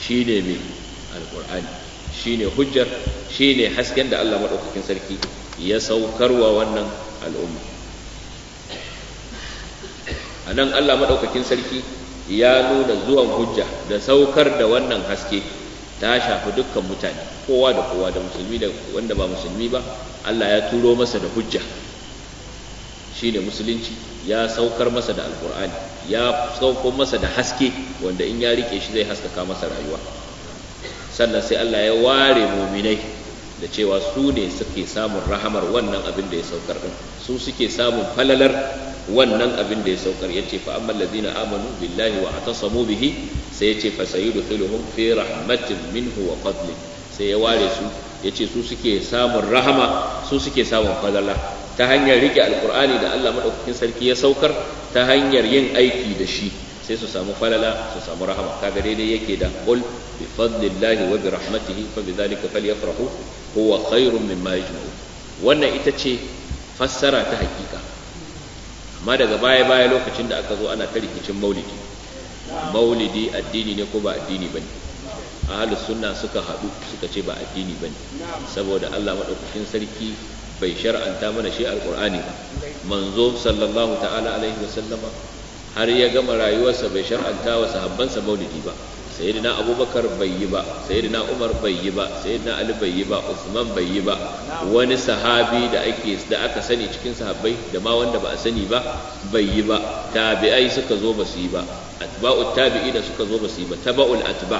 shine mai alqur'ani shine hujjar shine hasken da Allah maɗaukakin sarki ya saukarwa wannan al'umma a nan Allah maɗaukakin sarki ya nuna zuwan hujja da saukar da wannan haske ta shafi dukkan mutane kowa da kowa da musulmi da wanda ba musulmi ba Allah ya turo masa da hujja shine musulunci ya saukar masa da alkur'ani ya sauko masa da haske wanda in ya rike shi zai haskaka masa rayuwa sannan sai Allah ya ware muminai da cewa su ne suke samun rahamar wannan abin da ya saukar din su suke samun falalar wannan abin da ya saukar yace fa amman ladina amanu billahi wa atasamu bihi sai ce fa sayudkhiluhum fi rahmatin minhu wa fadlin sai ya ware su ce su suke samun rahama su suke samun falala ta hanyar rike alqur'ani da Allah maɗaukakin sarki ya saukar ta hanyar yin aiki da shi sai su samu falala su samu rahama kaga daidai yake da qul bi fadlillahi wa bi rahmatihi fa bi dhalika falyafrahu huwa khairun mimma yajma'un wannan ita ce fassara ta hakika amma daga baya baya lokacin da aka zo ana ta rikicin maulidi maulidi addini ne ko ba addini bane ahlus sunna suka haɗu suka ce ba addini bane saboda Allah madaukakin sarki bai shar'anta mana shi alqur'ani ba manzo sallallahu ta'ala alaihi wa sallama har ya gama rayuwarsa bai shar'anta wa sahabbansa maulidi ba sayyidina abubakar bai yi ba sayyidina umar bai yi ba sayyidina ali bai yi ba usman bai yi ba wani sahabi da ake da aka sani cikin sahabbai da ma wanda ba a sani ba bai yi ba tabi'ai suka zo ba su yi ba atba'ut tabi'i da suka zo ba su yi ba taba'ul atba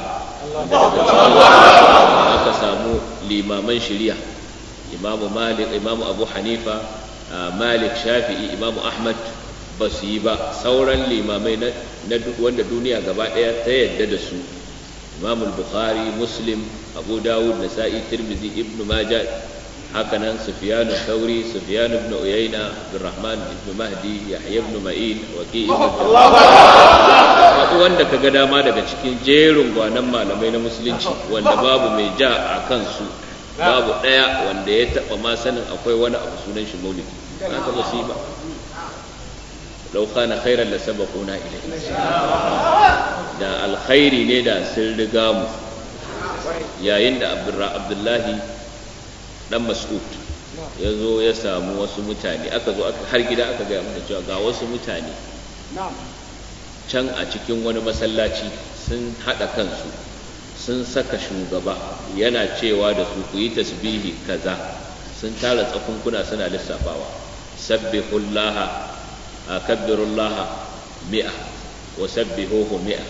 aka samu limaman shari'a imamu malik imamu abu hanifa malik shafi'i imamu ahmad ba su yi ba sauran limamai na wanda duniya gaba ɗaya ta yadda da su imamul bukhari muslim abu dawud sa'i tirmizi ibn majah hakanan Sufiyanu sauri Sufiyanu ibn uyayna abdurrahman ibn mahdi yahya ibn ma'in waqi ibn wanda ga dama daga cikin jerin gwanan malamai na musulunci wanda babu mai ja a kansu babu ɗaya wanda ya taba masanin akwai wani abu sunan shi maulidi ba ba law kana khairan la sabaquna ilayhi da alkhairi ne da sun riga mu yayin da abdullahi dan mas'ud ya zo ya samu wasu mutane aka zo har gida aka gaya da cewa ga wasu mutane can a cikin wani masallaci sun haɗa kansu sun saka shugaba yana cewa da su ku yi tasbihi kaza sun tara tsakunkuna suna lissafawa sabbihullaha kabbirullaha mi'a wa sabbihuhu mi'a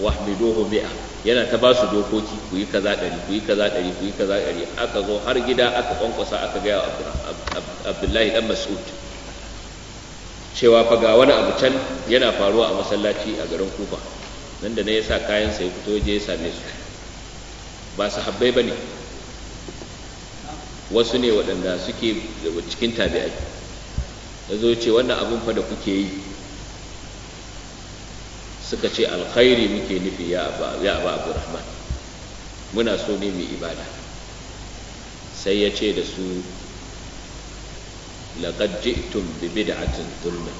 wa hamiduhu mi'a yana ta ba su dokoki ku yi kaza ɗari ku yi kaza ɗari ku yi kaza ɗari aka zo har gida aka kwankwasa aka gaya wa abdullahi dan mas'ud cewa fa ga wani abu can yana faruwa a masallaci a garin kufa nan da na yasa kayan sai ya fito je ya same su ba sahabbai ba ne wasu ne waɗanda suke cikin tabi'ai ya zo ce wannan abin fa da kuke yi suka ce alkhairi muke nufi ya aba Rahman muna so ne mai ibada sai ya ce da su laqad ji'tum bi bid'atin dhulman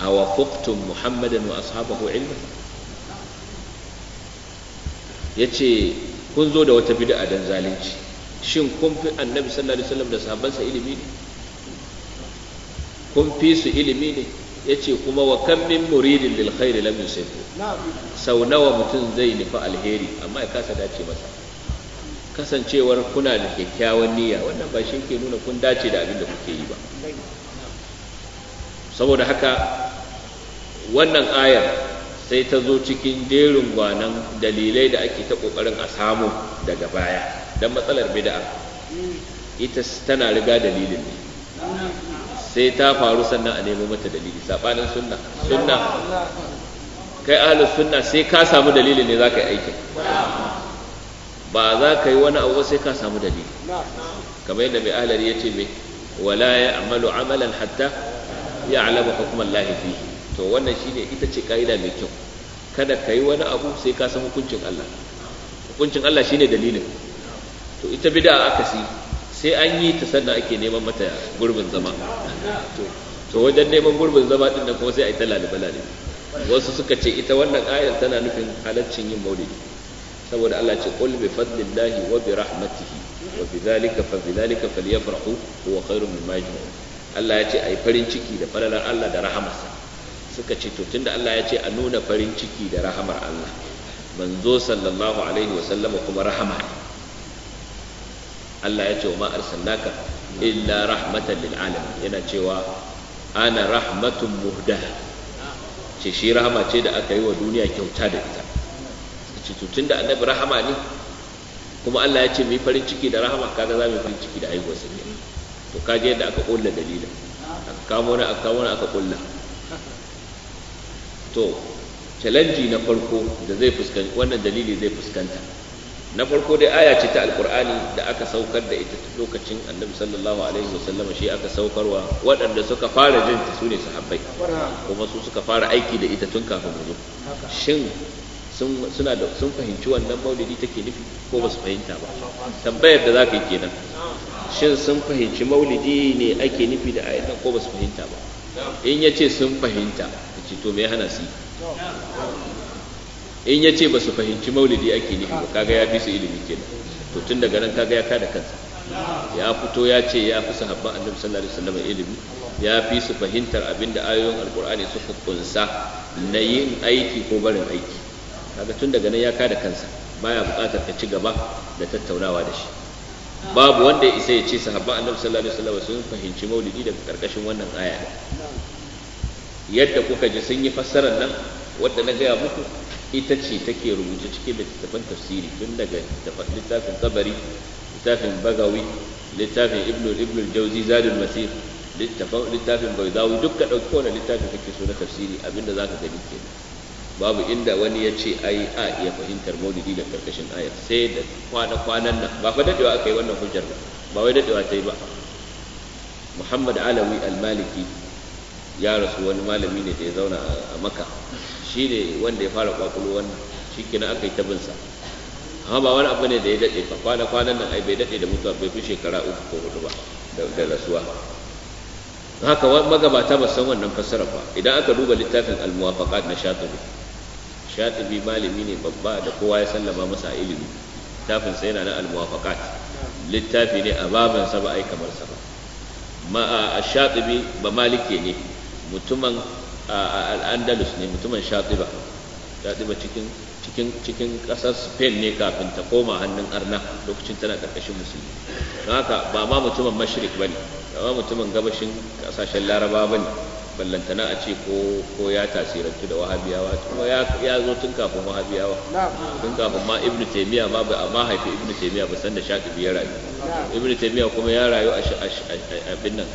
aw fuqtum muhammadan wa ashabahu ilman yace kun zo da wata bid'a dan zalunci shin kun fi annabi sallallahu alaihi wasallam da sahabbansa ilimi ne kun fi su ilimi ne Ya ce kuma wa kan min muridin lil khairi lam yusifu sau nawa mutum zai nufi alheri amma ya kasa dace masa kasancewar kuna da kyakkyawan niyya wannan ba shi ke nuna kun dace da abin da kuke yi ba saboda haka wannan ayar sai ta zo cikin jerin gwanan dalilai da ake ta kokarin a samu daga baya don matsalar bid'a ita tana riga dalilin ne sai ta faru sannan a nemo mata dalili sabanin sunna sunna kai ahlus sunna sai ka samu dalili ne zaka yi aikin ba za ka yi wani abu sai ka samu dalili kamar yadda mai ahlari ya ce mai wala ya amalu amalan hatta ya alama hukumar lahifi to wannan shine ita ce ka'ida mai kyau kada ka yi wani abu sai ka san hukuncin Allah hukuncin Allah shine dalilin to ita bid'a si sai an yi ta sannan ake neman mata gurbin zama to wajen neman gurbin zama din da kuma sai a yi ta lalibe lalibe wasu suka ce ita wannan ayar tana nufin halaccin yin maulidi saboda Allah ce qul bi fadlillahi wa bi rahmatihi wa bi zalika fa bi zalika falyafrahu huwa khairun mimma yajma'un Allah ya ce ai farin ciki da falalar Allah da rahamarsa suka ce to tunda Allah ya ce a nuna farin ciki da rahamar Allah manzo sallallahu alaihi wa sallama kuma rahama Allah ya ce wa ma arsalnaka illa rahmatan lil alamin yana cewa ana rahmatun muhda ce shi rahama ce da aka yi wa duniya kyauta da ita ce tutun da annabi rahama ne kuma Allah ya ce mu farin ciki da rahama kaga za mu farin ciki da aiwa sun to kaje yadda aka kulla dalilin aka kamo ne aka kamo ne aka kulla to challenge na farko da zai fuskanci, wannan dalili zai fuskanta na farko dai aya ce ta alkur'ani da aka saukar da ita lokacin annabi sallallahu alaihi wasallam shi aka saukarwa waɗanda suka fara jin ta su ne sahabbai kuma su suka fara aiki da ita tun kafin mu shin suna da sun fahimci wannan maulidi take nufi ko ba su fahimta ba tambayar da za ka yi kenan shin sun fahimci maulidi ne ake nufi da ayatan ko ba su fahimta ba in ya ce sun fahimta ka ce to me hana su in ya ce ba su fahimci maulidi ake nufi ba kaga ya fi su ilimi kenan to tun daga nan kaga ya kada kansa ya fito ya ce ya fi sahabban annabi sallallahu alaihi wasallam ilimi ya fi su fahimtar abinda ayoyin alkur'ani suka kunsa na yin aiki ko barin aiki kaga tun daga nan ya kada kansa baya buƙatar ka ci gaba da tattaunawa da shi babu wanda ya isa ya ce sahabban annabi sallallahu alaihi wasallam sun fahimci maulidi daga karkashin wannan aya yadda kuka ji sun yi fassarar nan wadda na gaya muku ita ce take rubuce cikin littattafan tafsiri tun daga littafin tabari littafin bagawi littafin ibn ibn jauzi zadul masir littafin baidawi duk ka ɗauki littafin kake so na tafsiri abinda zaka gani kenan babu inda wani ya ce ai a iya fahimtar maulidi da karkashin ayar sai da kwana kwanan nan ba fa dadewa aka wannan hujjar ba ba wai dadewa ta yi ba muhammad alawi al-maliki ya rasu wani malami ne da ya zauna a maka shi ne wanda ya fara kwakulu wannan shi kina aka yi tabinsa amma ba wani abu ne da ya daɗe ba kwana kwanan nan ai bai daɗe da mutuwa bai fi shekara uku ko hudu ba da rasuwa haka magabata ba san wannan fassara ba idan aka duba littafin al-muwafaqat na shatibi shatibi malami ne babba da kowa ya sallama masa ilimi littafin sa yana na al-muwafaqat littafi ne a baban ba ai kamar sa ba ma a shatibi ba Maliki ne mutumin al'andalus ne mutumin shatiba shatiba cikin cikin kasar spain ne kafin ta koma hannun arna lokacin tana karkashin musulmi don haka ba ma mutumin mashrik ba ne ba ma mutumin gabashin ƙasashen laraba ba ne ballantana a ce ko ya tasirantu da wahabiyawa kuma ya zo tun kafin wahabiyawa tun kafin ma ibnu taymiya ma ba ma haifi ibnu taymiya ba san da shafi ya rayu ibnu taymiya kuma ya rayu a abin nan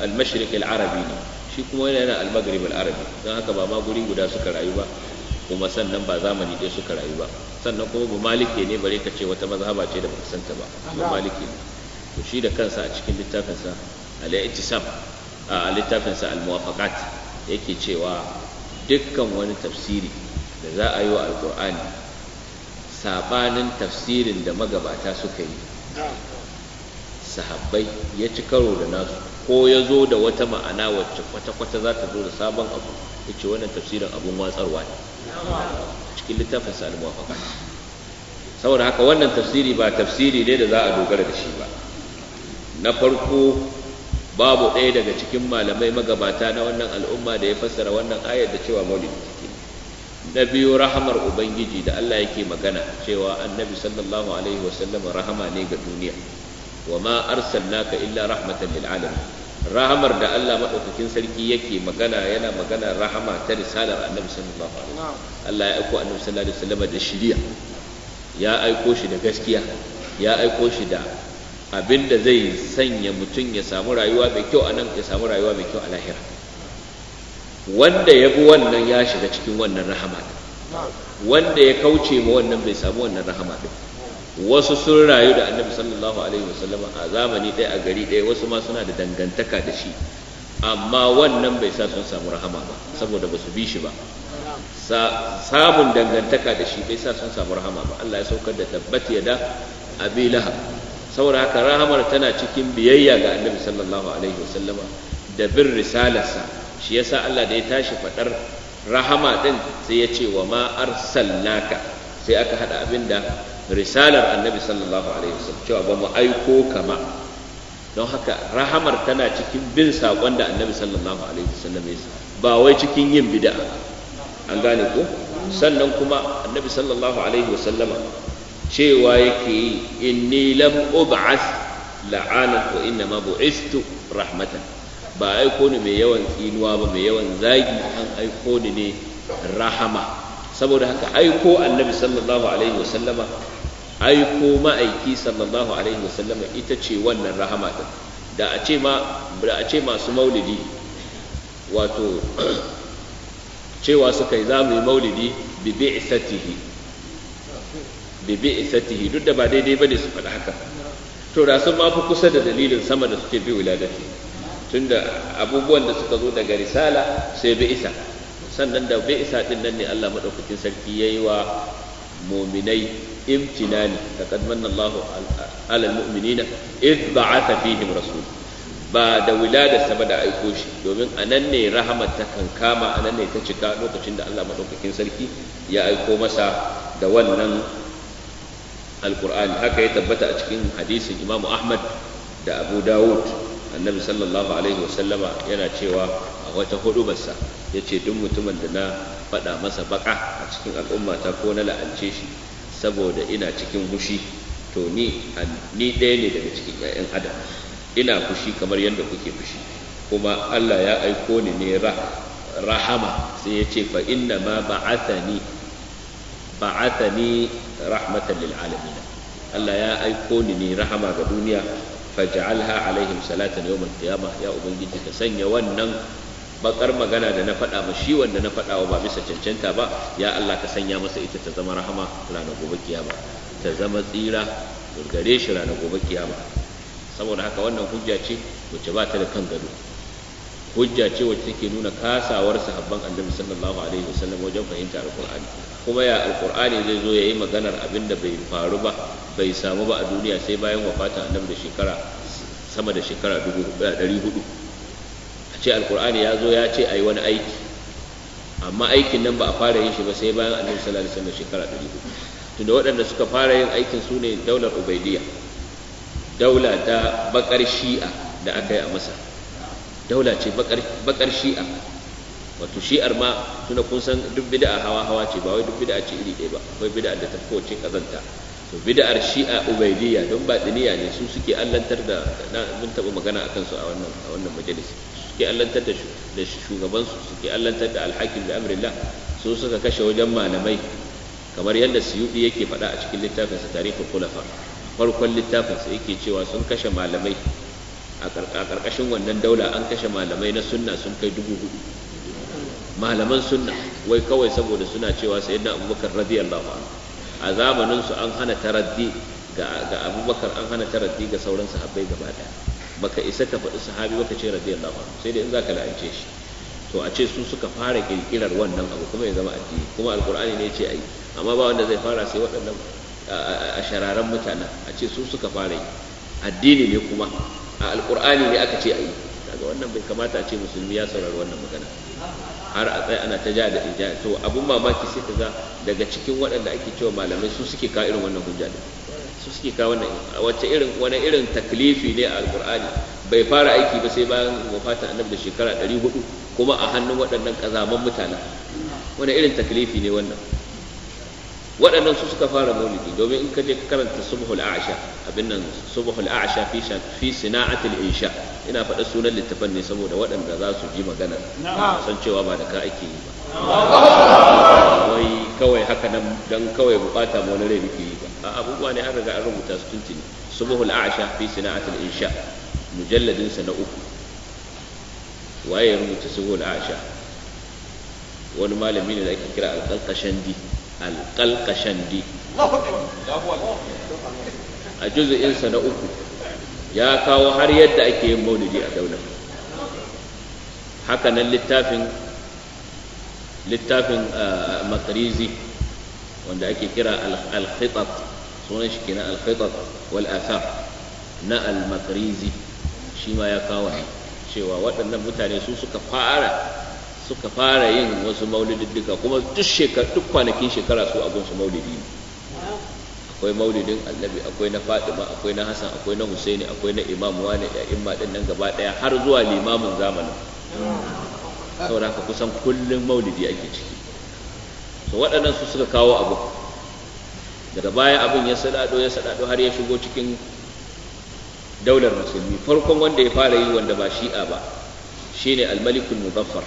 al-mashriq al-arabi ne shi kuma yana al-maghrib al-arabi don haka ba ma guri guda suka rayu ba kuma sannan ba zamani ɗaya suka rayu ba sannan kuma ba malike ne bare ka ce wata mazhaba ce da ba santa ba ba malike ne to shi da kansa a cikin littafinsa al-i'tisam a littafinsa al-muwafaqat yake cewa dukkan wani tafsiri da za a yi wa alkur'ani sabanin tafsirin da magabata suka yi sahabbai ya ci karo da nasu ko ya zo da wata ma'ana wacce kwata-kwata za ta zo da sabon abu ya ce wannan tafsirin abun watsarwa ne cikin littafin sa al-muwafaqat saboda haka wannan tafsiri ba tafsiri ne da za a dogara da shi ba na farko babu ɗaya daga cikin malamai magabata na wannan al'umma da ya fassara wannan ayar da cewa maulidi take na biyu rahamar ubangiji da Allah yake magana cewa annabi sallallahu alaihi wasallam rahama ne ga duniya wa ma arsalnaka illa rahmatan lil alamin rahamar da Allah madaukakin sarki yake magana yana magana rahama ta risalar annabi sallallahu alaihi wasallam Allah ya aiko annabi sallallahu alaihi wasallam da shiriya ya aiko shi da gaskiya ya aiko shi da abinda zai sanya mutum ya samu rayuwa mai kyau a nan ya samu rayuwa mai kyau a lahira wanda ya bi wannan ya shiga cikin wannan rahama wanda ya kauce ma wannan bai samu wannan rahama ɗin wasu sun rayu da annabi sallallahu alaihi wasallam a zamani ɗaya a gari ɗaya wasu ma suna da dangantaka da shi amma wannan bai sa sun samu rahama ba saboda ba su bi shi ba samun dangantaka da shi bai sa sun samu rahama ba Allah ya saukar da tabbat da abi lahab saboda haka rahamar tana cikin biyayya ga annabi sallallahu alaihi wasallama da bin risalarsa shi yasa Allah da ya tashi fadar rahama din sai ya ce wa ma arsalnaka sai aka hada abin da risalar annabi sallallahu alaihi wasallam cewa ba mu aiko kama don haka rahamar tana cikin bin saƙon da annabi sallallahu alaihi wasallam ya ba wai cikin yin bid'a an gane ko sannan kuma annabi sallallahu alaihi wasallama cewa yake yi in ni lam ub'as la'ana wa inna ma bu'istu rahmatan ba aiko ni mai yawan tsinuwa ba mai yawan zagi an aiko ni ne rahama saboda haka aiko annabi sallallahu alaihi wasallama aiko ma'aiki sallallahu alaihi wasallama ita ce wannan rahama ta. da a ce ma da a ce masu maulidi wato cewa suka yi za mu yi maulidi bi bi'satihi bi isatihi duk da ba daidai bane su faɗa haka to da sun ma fi kusa da dalilin sama da suke bi wiladati tunda abubuwan da suka zo daga risala sai bi isa. sannan da bi isa din nan ne Allah madaukakin sarki yayi wa mu'minai imtinani taqad manna Allahu ala muminina id ba'atha fihim rasul ba da sa ba da aiko shi domin a nan ne rahamar ta kankama a nan ne ta cika lokacin da Allah madaukakin sarki ya aiko masa da wannan alqur'ani haka ya tabbata a cikin hadisin imam ahmad da abu dawud annabi sallallahu alaihi wasallama yana cewa a wata hudubarsa ya ce duk mutumin da na faɗa masa baƙa a cikin al'ummata ko na la'ance shi saboda ina cikin hushi to ni ni ɗaya ne daga cikin 'ya'yan adam ina fushi kamar yadda kuke fushi kuma Allah ya aiko ni ne rahama sai ya ce fa inna ma ba'athani ba'athani rahmatan lil alamin Allah ya aiko ni ne rahama ga duniya faj'alha alaihim salatan yawm al-qiyamah ya ubangiji ka sanya wannan bakar magana da na faɗa ma shi wanda na faɗa ba bisa cancanta ba ya Allah ka sanya masa ita ta zama rahama ranar gobe kiyama ta zama tsira gare shi ranar gobe kiyama saboda haka wannan hujja ce wacce ba ta da kan gado hujja ce wacce take nuna kasawar sahabban annabi sallallahu alaihi wasallam wajen fahimta alqur'ani kuma ya alkur'ani zai zo ya yi maganar abin da bai faru ba bai samu ba a duniya sai bayan wafata annabi da shekara sama da shekara 400 eh, hudu a ce alkur'ani ya zo ya ce a yi wani aiki amma aikin nan ba a fara yin shi ba sai bayan annabi salari sama shekara 400 tunda waɗanda suka fara yin aikin su ne daular ubaidiyya daula ta bakar shi'a da aka yi a masa daula ce bakar shi'a wato shi'ar ma tuna kun san duk bid'a hawa hawa ce ba wai duk bid'a ce iri ɗaya ba akwai bid'a da ta kowace kazanta to bid'ar shi'a ubaidiyya don ba batiniya ne su suke allantar da mun taɓa magana akan su a wannan a wannan majalis suke allantar da da shugaban su suke allantar da alhakim da amrillah su suka kashe wajen malamai kamar yadda suyudi yake faɗa a cikin littafin sa tarihul khulafa farkon littafin sa yake cewa sun kashe malamai a ƙarƙashin wannan daula an kashe malamai na sunna sun kai dubu hudu malaman sunna wai kawai saboda suna cewa sayyidina abubakar radiyallahu anhu a zamanin su an hana taraddi ga abubakar an hana taraddi ga sauran sahabbai gaba daya baka isa ka faɗi sahabi baka ce radiyallahu anhu sai dai in zaka la'ance shi to a ce su suka fara kirkirar wannan abu kuma ya zama addini kuma alkur'ani ne ce ai amma ba wanda zai fara sai waɗannan a shararan mutanen a ce su suka fara yi addini ne kuma a alkur'ani ne aka ce ai daga wannan bai kamata a ce musulmi ya saurari wannan magana har a tsaye ana ta ja da ija to abun mamaki sai kaga daga cikin waɗanda ake cewa malamai su suke ka irin wannan hujja din su suke ka wannan wacce irin wani irin taklifi ne a alqur'ani bai fara aiki ba sai bayan wafatar annabi da shekara 400 kuma a hannun waɗannan kazaman mutanen wani irin taklifi ne wannan waɗannan su suka fara maulidi domin in ka je karanta subhul a'sha abin nan subhul a'sha fi fi sina'atil insha ina faɗa sunan littafin ne saboda waɗanda za su ji magana san cewa ba da ka ake yi ba wai kawai haka nan dan kawai bukata ma wani rai muke yi ba a abubuwa ne an riga an rubuta su tuntuni subhul a'sha fi sina'atil insha mujalladin sa na uku waye ya rubuta subhul a'sha wani malami ne da ake kira al-qalqashandi alƙalƙashandi a juzu'insa na uku ya kawo har yadda ake yin maulidi a daular hakanan littafin littafin uh, makarizi wanda ake kira al-khitat sunan shi kenan al wal athar na al-makarizi shi ma ya kawo cewa waɗannan mutane su suka fara suka fara yin wasu maulididdika kuma duk duk kwanakin shekara su abun su maulidi ne akwai maulidin annabi akwai na fatima akwai na Hassan, akwai na husaini akwai na imam wani da imma din nan gaba daya har zuwa limamin zamanin saboda haka kusan kullum maulidi ake ciki so waɗannan su suka kawo abu daga baya abin ya sadado ya sadado har ya shigo cikin daular musulmi farkon wanda ya fara yi wanda ba shi'a ba shine al-malikul muzaffar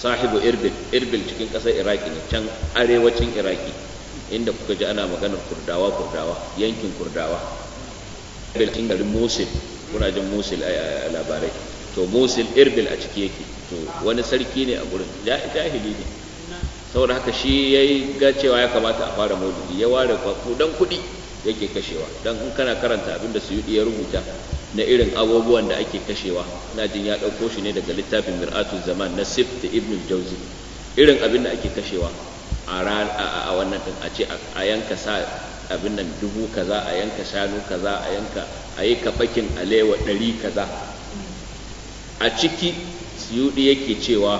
sahibu irbil irbil cikin ƙasar iraki ne can arewacin iraki inda kuka ji ana maganar kurdawa kurdawa yankin kurdawa irbil cikin garin musil kuna jin musil a eh, eh, labarai to Musil, irbil a ciki yake to wani sarki ne a gurin jahili ne saboda haka shi ya yi ga cewa ya kamata a fara maulidi ya ware kwaku dan kuɗi yake kashewa dan in kana karanta abin da yi ya rubuta na irin abubuwan da ake kashewa na jin ya ɗauko shi ne daga littafin mir'atu zaman na sif da ibn jauzi irin abin da ake kashewa a a wannan ɗin, a ce a yanka sa abin nan dubu kaza a yanka shanu kaza a yanka a yi kafakin alewa ɗari kaza a ciki siyudi yake cewa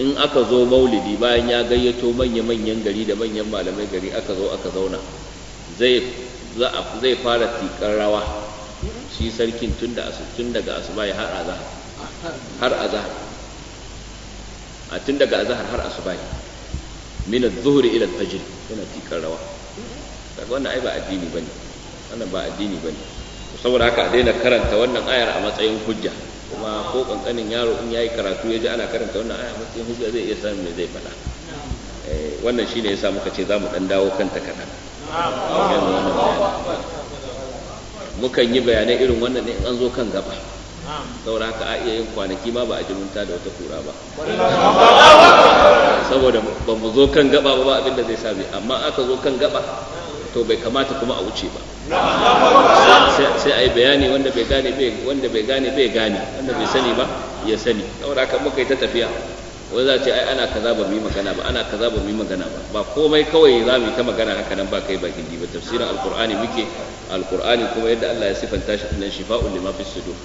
in aka zo maulidi bayan ya gayyato manya-manyan gari da manyan malamai gari aka zo aka zauna zai fara tikar rawa shi sarkin tun da tun daga asuba ya har azhar har azhar a tun daga azhar har asuba min az-zuhri ila al-fajr yana tikar rawa kaga wannan ai ba addini bane wannan ba addini bane saboda haka a daina karanta wannan ayar a matsayin hujja kuma ko kankanin yaro in yayi karatu ya ji ana karanta wannan ayar a matsayin hujja zai iya samun me zai faɗa eh, wannan shine yasa muka ce za mu dan dawo kanta kaɗan mukan yi bayanai irin wannan ne an zo kan gaba saura haka a iya yin kwanaki ma ba a jimunta da wata kura ba saboda ba mu zo kan gaba ba abinda zai sami amma aka zo kan gaba to bai kamata kuma a wuce ba sai a yi bayani wanda bai gane bai wanda bai gane bai gane wanda bai sani ba ya sani saura haka muka yi ta tafiya wani za ce ai ana kaza ba mu yi magana ba ana kaza ba mu yi magana ba ba komai kawai za mu yi ta magana haka nan ba kai ba gindi ba tafsirin alkur'ani muke alkurani kuma yadda Allah ya sifanta shi dinnan shifa'un lima fi sudur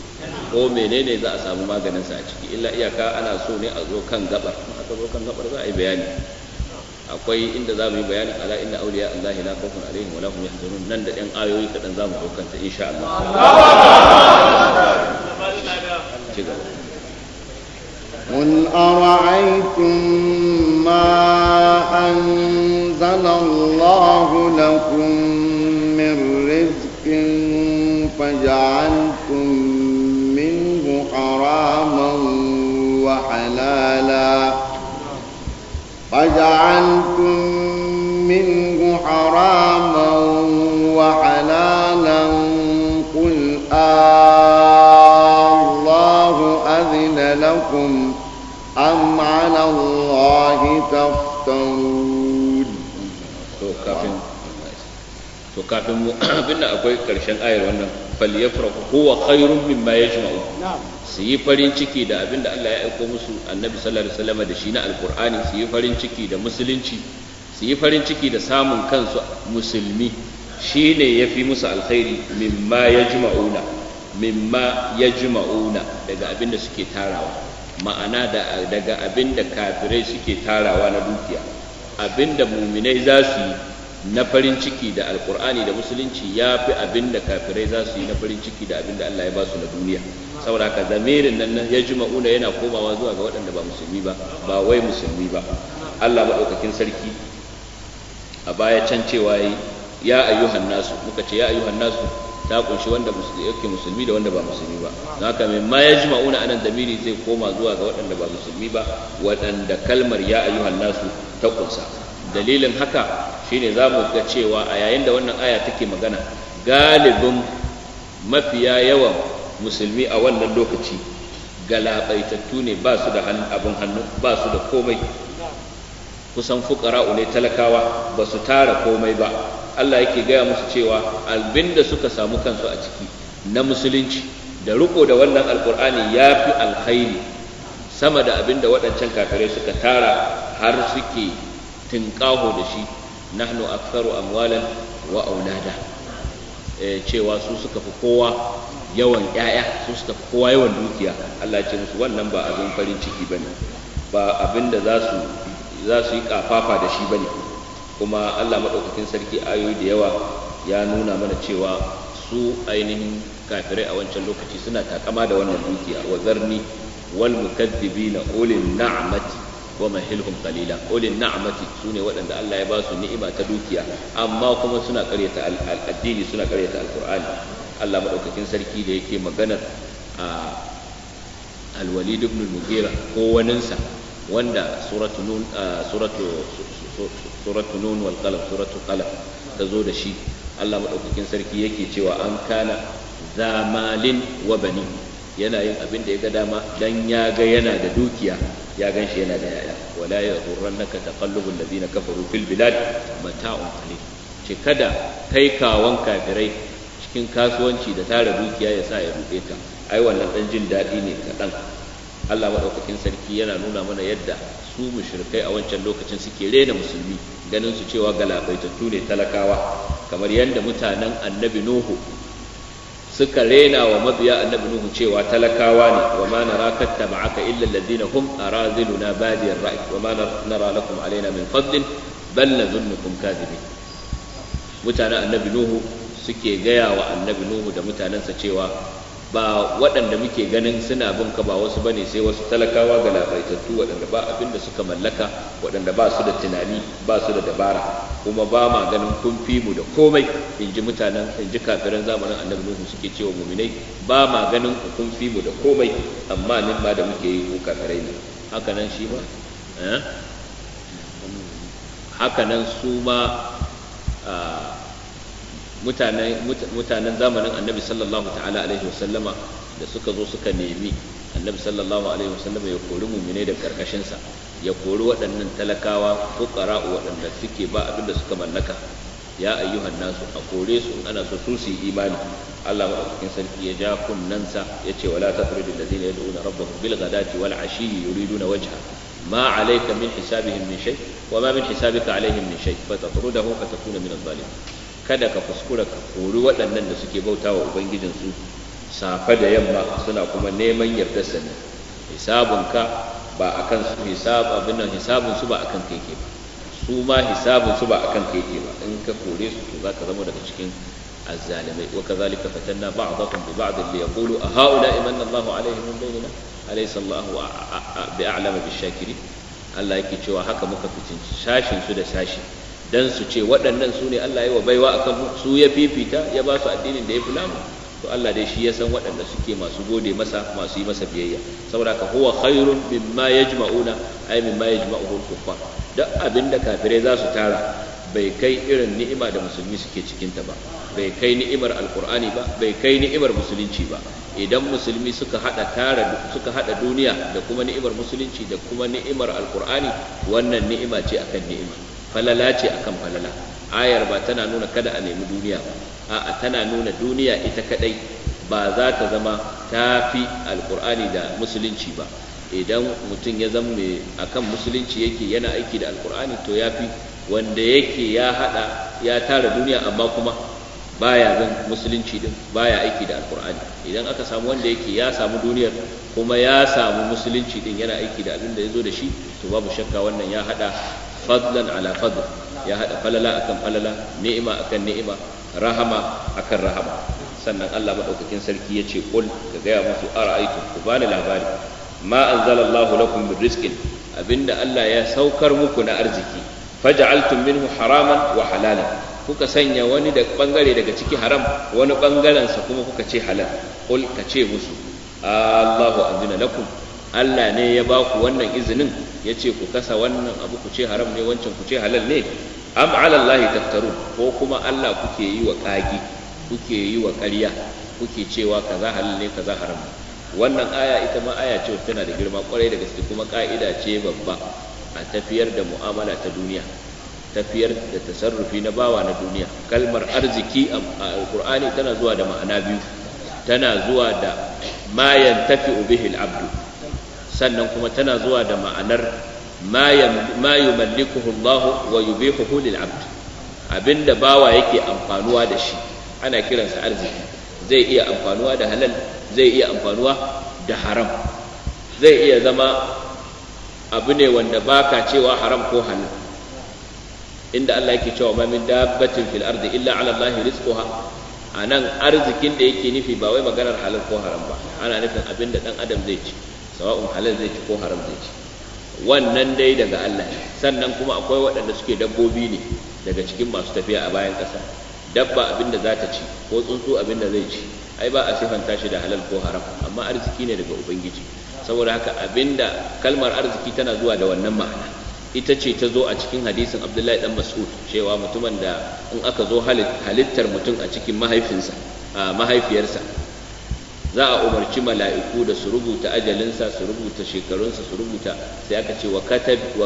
ko menene za a samu maganin sa a ciki illa iyaka ana so ne a zo kan gabar aka zo kan gabar za a yi bayani akwai inda za mu yi bayani ala inna awliya Allah la khawfun alaihim wa la yahzanun nan da ɗan ayoyi kaɗan za mu ɗaukan ta insha Allah قل أرأيتم ما أنزل الله لكم فجعلتم منه حراما وحلالا قل آه، الله أذن لكم أم على الله تفترون to kafin mu abinda akwai karshen ayar wannan falyafrahu huwa khairun mimma yajma'u su yi farin ciki da abinda Allah ya aiko musu annabi sallallahu alaihi wasallam da shi na alqur'ani su yi farin ciki da musulunci su yi farin ciki da samun kansu musulmi shine yafi musu alkhairi mimma yajma'una mimma yajma'una daga abinda suke tarawa ma'ana da daga abinda kafirai suke tarawa na dukiya abinda muminai za su yi na farin ciki da alkur'ani da musulunci ya fi abin da kafirai za su yi na farin ciki da abin da Allah ya ba su na duniya saboda haka zamirin nan ya ma'una yana komawa zuwa ga waɗanda ba musulmi ba ba wai musulmi ba Allah maɗaukakin sarki a baya can cewa ya ayyuhan nasu muka ce ya ayyuhan nasu ta kunshi wanda yake musulmi da wanda ba musulmi ba don haka mai ma ya jima'una anan zamiri zai koma zuwa ga waɗanda ba musulmi ba waɗanda kalmar ya ayyuhan nasu ta kunsa dalilin haka shine za mu ga cewa a yayin da wannan aya take magana galibin mafiya yawan musulmi a wannan lokaci galabaitattu ne ba su da abin hannu ba su da komai kusan fukara ne talakawa ba su tara komai ba Allah yake gaya musu cewa albinda suka samu kansu a ciki na musulunci da riko da wannan alkur'ani ya fi alkhairi sama da abinda waɗancan kafirai suka tara har suke tunƙaho da shi nahnu aktharu amwalan wa aulada eh, cewa su suka fi kowa yawan ƴaƴa su suka fi kowa yawan dukiya Allah ce musu wannan ba abin farin ciki bane ba abin da za su za su yi kafafa da shi bane kuma Allah madaukakin sarki ayoyi da yawa ya nuna mana cewa su ainihin kafirai a wancan lokaci suna takama da wannan dukiya wa zarni wal mukaddibina ulil na'mati wa hilhum qalila ulil na'mati sune waɗanda Allah ya basu su ni'ima ta dukiya amma kuma suna ƙaryata addini suna ƙaryata al-Qur'ani Allah madaukakin sarki da yake maganar a al-Walid ibn al-mughira ko waninsa wanda suratu nun suratu suratu nun wal qalam suratu qalam ta zo da shi Allah madaukakin sarki yake cewa an kana zamalin wa yana yin abin da ya ga dama dan ya ga yana da dukiya ya gan shi yana da yaya wala ya naka taqallubul ladina kafaru fil bilad mata'un qalil ce kada kai kawon kafirai cikin kasuwanci da tara dukiya ya sa ya rufe ka ai wannan dan jin daɗi ne kaɗan Allah maɗaukakin sarki yana nuna mana yadda su mushrikai a wancan lokacin suke rena musulmi ganin su cewa galabaitattu ne talakawa kamar yadda mutanen annabi Nuhu suka rena wa mabiya annabi nuhu cewa talakawa ne wa ma nara katta ma'aka illa allazina hum araziluna badiyar ra'i wa ma nara lakum alaina min fadlin bal nazunnukum kadhibin mutanen annabi nuhu suke gaya wa annabi nuhu da mutanensa cewa ba waɗanda muke ganin suna bin ka ba wasu bane sai wasu talakawa ga labaitattu waɗanda ba abin da suka mallaka waɗanda ba su da tunani ba su da dabara kuma ba ma ganin kun fi mu da komai in ji mutanen in ji kafiran zamanin annabi nuhu suke cewa muminai ba ma ganin ku kun fi mu da komai amma nan ba da muke yi ku kafirai ne haka nan shi ba eh? haka nan su ma ah, mutanen zamanin annabi sallallahu ta'ala alaihi wasallama da suka zo suka nemi annabi sallallahu alaihi wasallama ya kori mumine da karkashinsa ya kori waɗannan talakawa ko ƙara'u waɗanda suke ba abin da suka mallaka ya ayyuhan nasu a kore su ana so su su yi imani Allah madaukakin sarki ya ja kunnansa ya ce wala tatrudul ladina yad'una rabbahum bil ghadati wal ashi yuriduna wajha ma alayka min hisabihim min shay wa ma min hisabika alaihim min shay min adh-dhalimin kada ka kuskura ka kori waɗannan da suke bauta wa ubangijinsu safa da yamma suna kuma neman yardar sani hisabunka ba a kan su hisab abin nan hisabun su ba a kan kai ke ba su ma hisabun su ba a kan kai ke ba in ka kore su to za ka zama daga cikin الظالمين وكذلك فتنا بعضكم ببعض ليقولوا أهؤلاء من الله عليهم من بيننا أليس الله بأعلم بالشاكرين Allah yake cewa haka muka fitin sashin su da sashi dan su ce waɗannan su ne Allah ya wa baiwa akan su ya fifita ya ba su addinin da ya fi namu to Allah dai shi ya san waɗanda suke masu gode masa masu yi masa biyayya saboda ka huwa khairun mimma yajma'una ay mimma yajma'uhu kuffar duk abinda kafirai za su tara bai kai irin ni'ima da musulmi suke cikinta ba bai kai ni'imar alkur'ani ba bai kai ni'imar musulunci ba idan musulmi suka hada tara suka hada duniya da kuma ni'imar musulunci da kuma ni'imar alkur'ani wannan ni'ima ce akan ni'ima falala ce akan falala ayar ba tana nuna kada a nemi duniya ba a'a tana nuna duniya ita kadai ba za ta zama ta fi alkur'ani da musulunci ba idan mutum ya zama mai akan musulunci yake yana aiki da alkur'ani to ya fi wanda yake ya hada ya tara duniya amma kuma baya zan musulunci din baya aiki da alkur'ani idan aka samu wanda yake ya samu duniyar kuma ya samu musulunci din yana aiki da abin da ya zo da shi to babu shakka wannan ya hada fadlan ala ya haɗa falala akan falala ni'ima akan ni'ima rahama akan rahama sannan Allah madaukakin sarki ya ce kul ka gaya musu ara'aytum ku bani labari ma anzalallahu lakum min rizqin abinda Allah ya saukar muku na arziki faj'altum minhu haraman wa halalan kuka sanya wani da bangare daga ciki haram wani bangaren sa kuma kuka ce halal kul ka ce musu Allahu azina Allah ne ya baku wannan izinin ya ce ku kasa wannan abu ku ce haram ne wancan ku ce halal ne am alallahi taftarun ko kuma Allah kuke yi wa kagi kuke yi wa ƙarya kuke cewa kaza halal ne kaza haram wannan aya ita ma aya ce tana da girma kwarai da gaske kuma ka'ida ce babba a tafiyar da mu'amala ta duniya tafiyar da tasarrufi na bawa na duniya kalmar arziki a alkur'ani tana zuwa da ma'ana biyu tana zuwa da mayan tafi ubihil abdu sannan kuma tana zuwa da ma'anar ma yumallikuhu Allah wa yubihuhu lil abd abinda bawa yake amfanuwa da shi ana kiransa arziki zai iya amfanuwa da halal zai iya amfanuwa da haram zai iya zama abu ne wanda baka cewa haram ko halal inda Allah yake cewa ma min dabbatin fil ardi illa ala Allah rizquha anan arzikin da yake nufi ba wai maganar halal ko haram ba ana nufin abinda dan adam zai ci sawa'un halal zai ci ko haram zai ci wannan dai daga Allah sannan kuma akwai waɗanda suke dabbobi ne daga cikin masu tafiya a bayan ƙasa dabba abin da za ta ci ko tsuntsu abinda zai ci ai ba a sifanta shi da halal ko haram amma arziki ne daga ubangiji saboda haka abinda kalmar arziki tana zuwa da wannan ma'ana ita ce ta zo a cikin hadisin abdullahi dan mas'ud cewa mutumin da in aka zo halittar mutum a cikin mahaifinsa mahaifiyarsa za a umarci mala'iku da su rubuta ajalinsa su rubuta shekarunsa su rubuta sai aka ce wa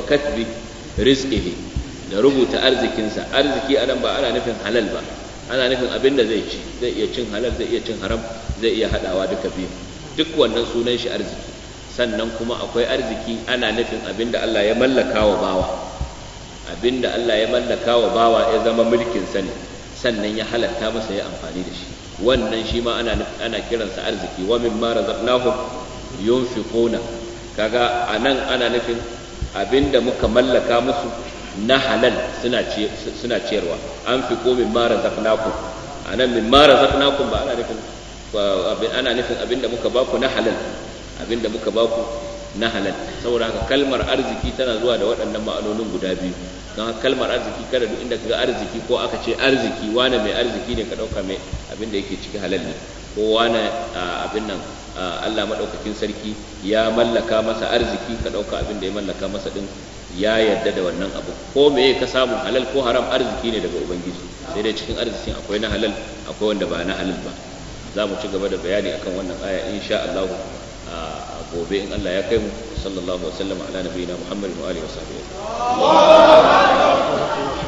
katbi rizqihi da rubuta arzikinsa arziki anan ba ana nufin halal ba ana nufin abin da zai ci zai iya cin halal zai iya cin haram zai iya hadawa duka biyu duk wannan sunan shi arziki sannan kuma akwai arziki ana nufin abin da Allah ya mallaka wa bawa abin da Allah ya mallaka wa bawa ya zama mulkin sa ne sannan ya halatta masa ya amfani da shi wannan shi ma ana kiransa arziki wa min mimma razaqnahum yunfiquna kaga anan ana nufin abinda muka mallaka musu na halal suna suna ciyarwa an fi ko min mimma razaqnakum anan mimma razaqnakum ba ana nufin ana nufin abinda muka baku na halal abinda muka baku na halal saboda haka kalmar arziki tana zuwa da waɗannan ma'anonin guda biyu don kalmar arziki kada duk inda kaga arziki ko aka ce arziki wane mai arziki ne ka ɗauka mai abin da yake ciki halal ne ko wane abin nan Allah maɗaukakin sarki ya mallaka masa arziki ka ɗauka abin da ya mallaka masa ɗin ya yarda da wannan abu ko me ka samu halal ko haram arziki ne daga ubangiji sai dai cikin arzikin akwai na halal akwai wanda ba na halal ba za mu ci gaba da bayani akan wannan aya insha Allah وبإن الله يقيم صلى الله وسلم على نبينا محمد وآله وصحبه الله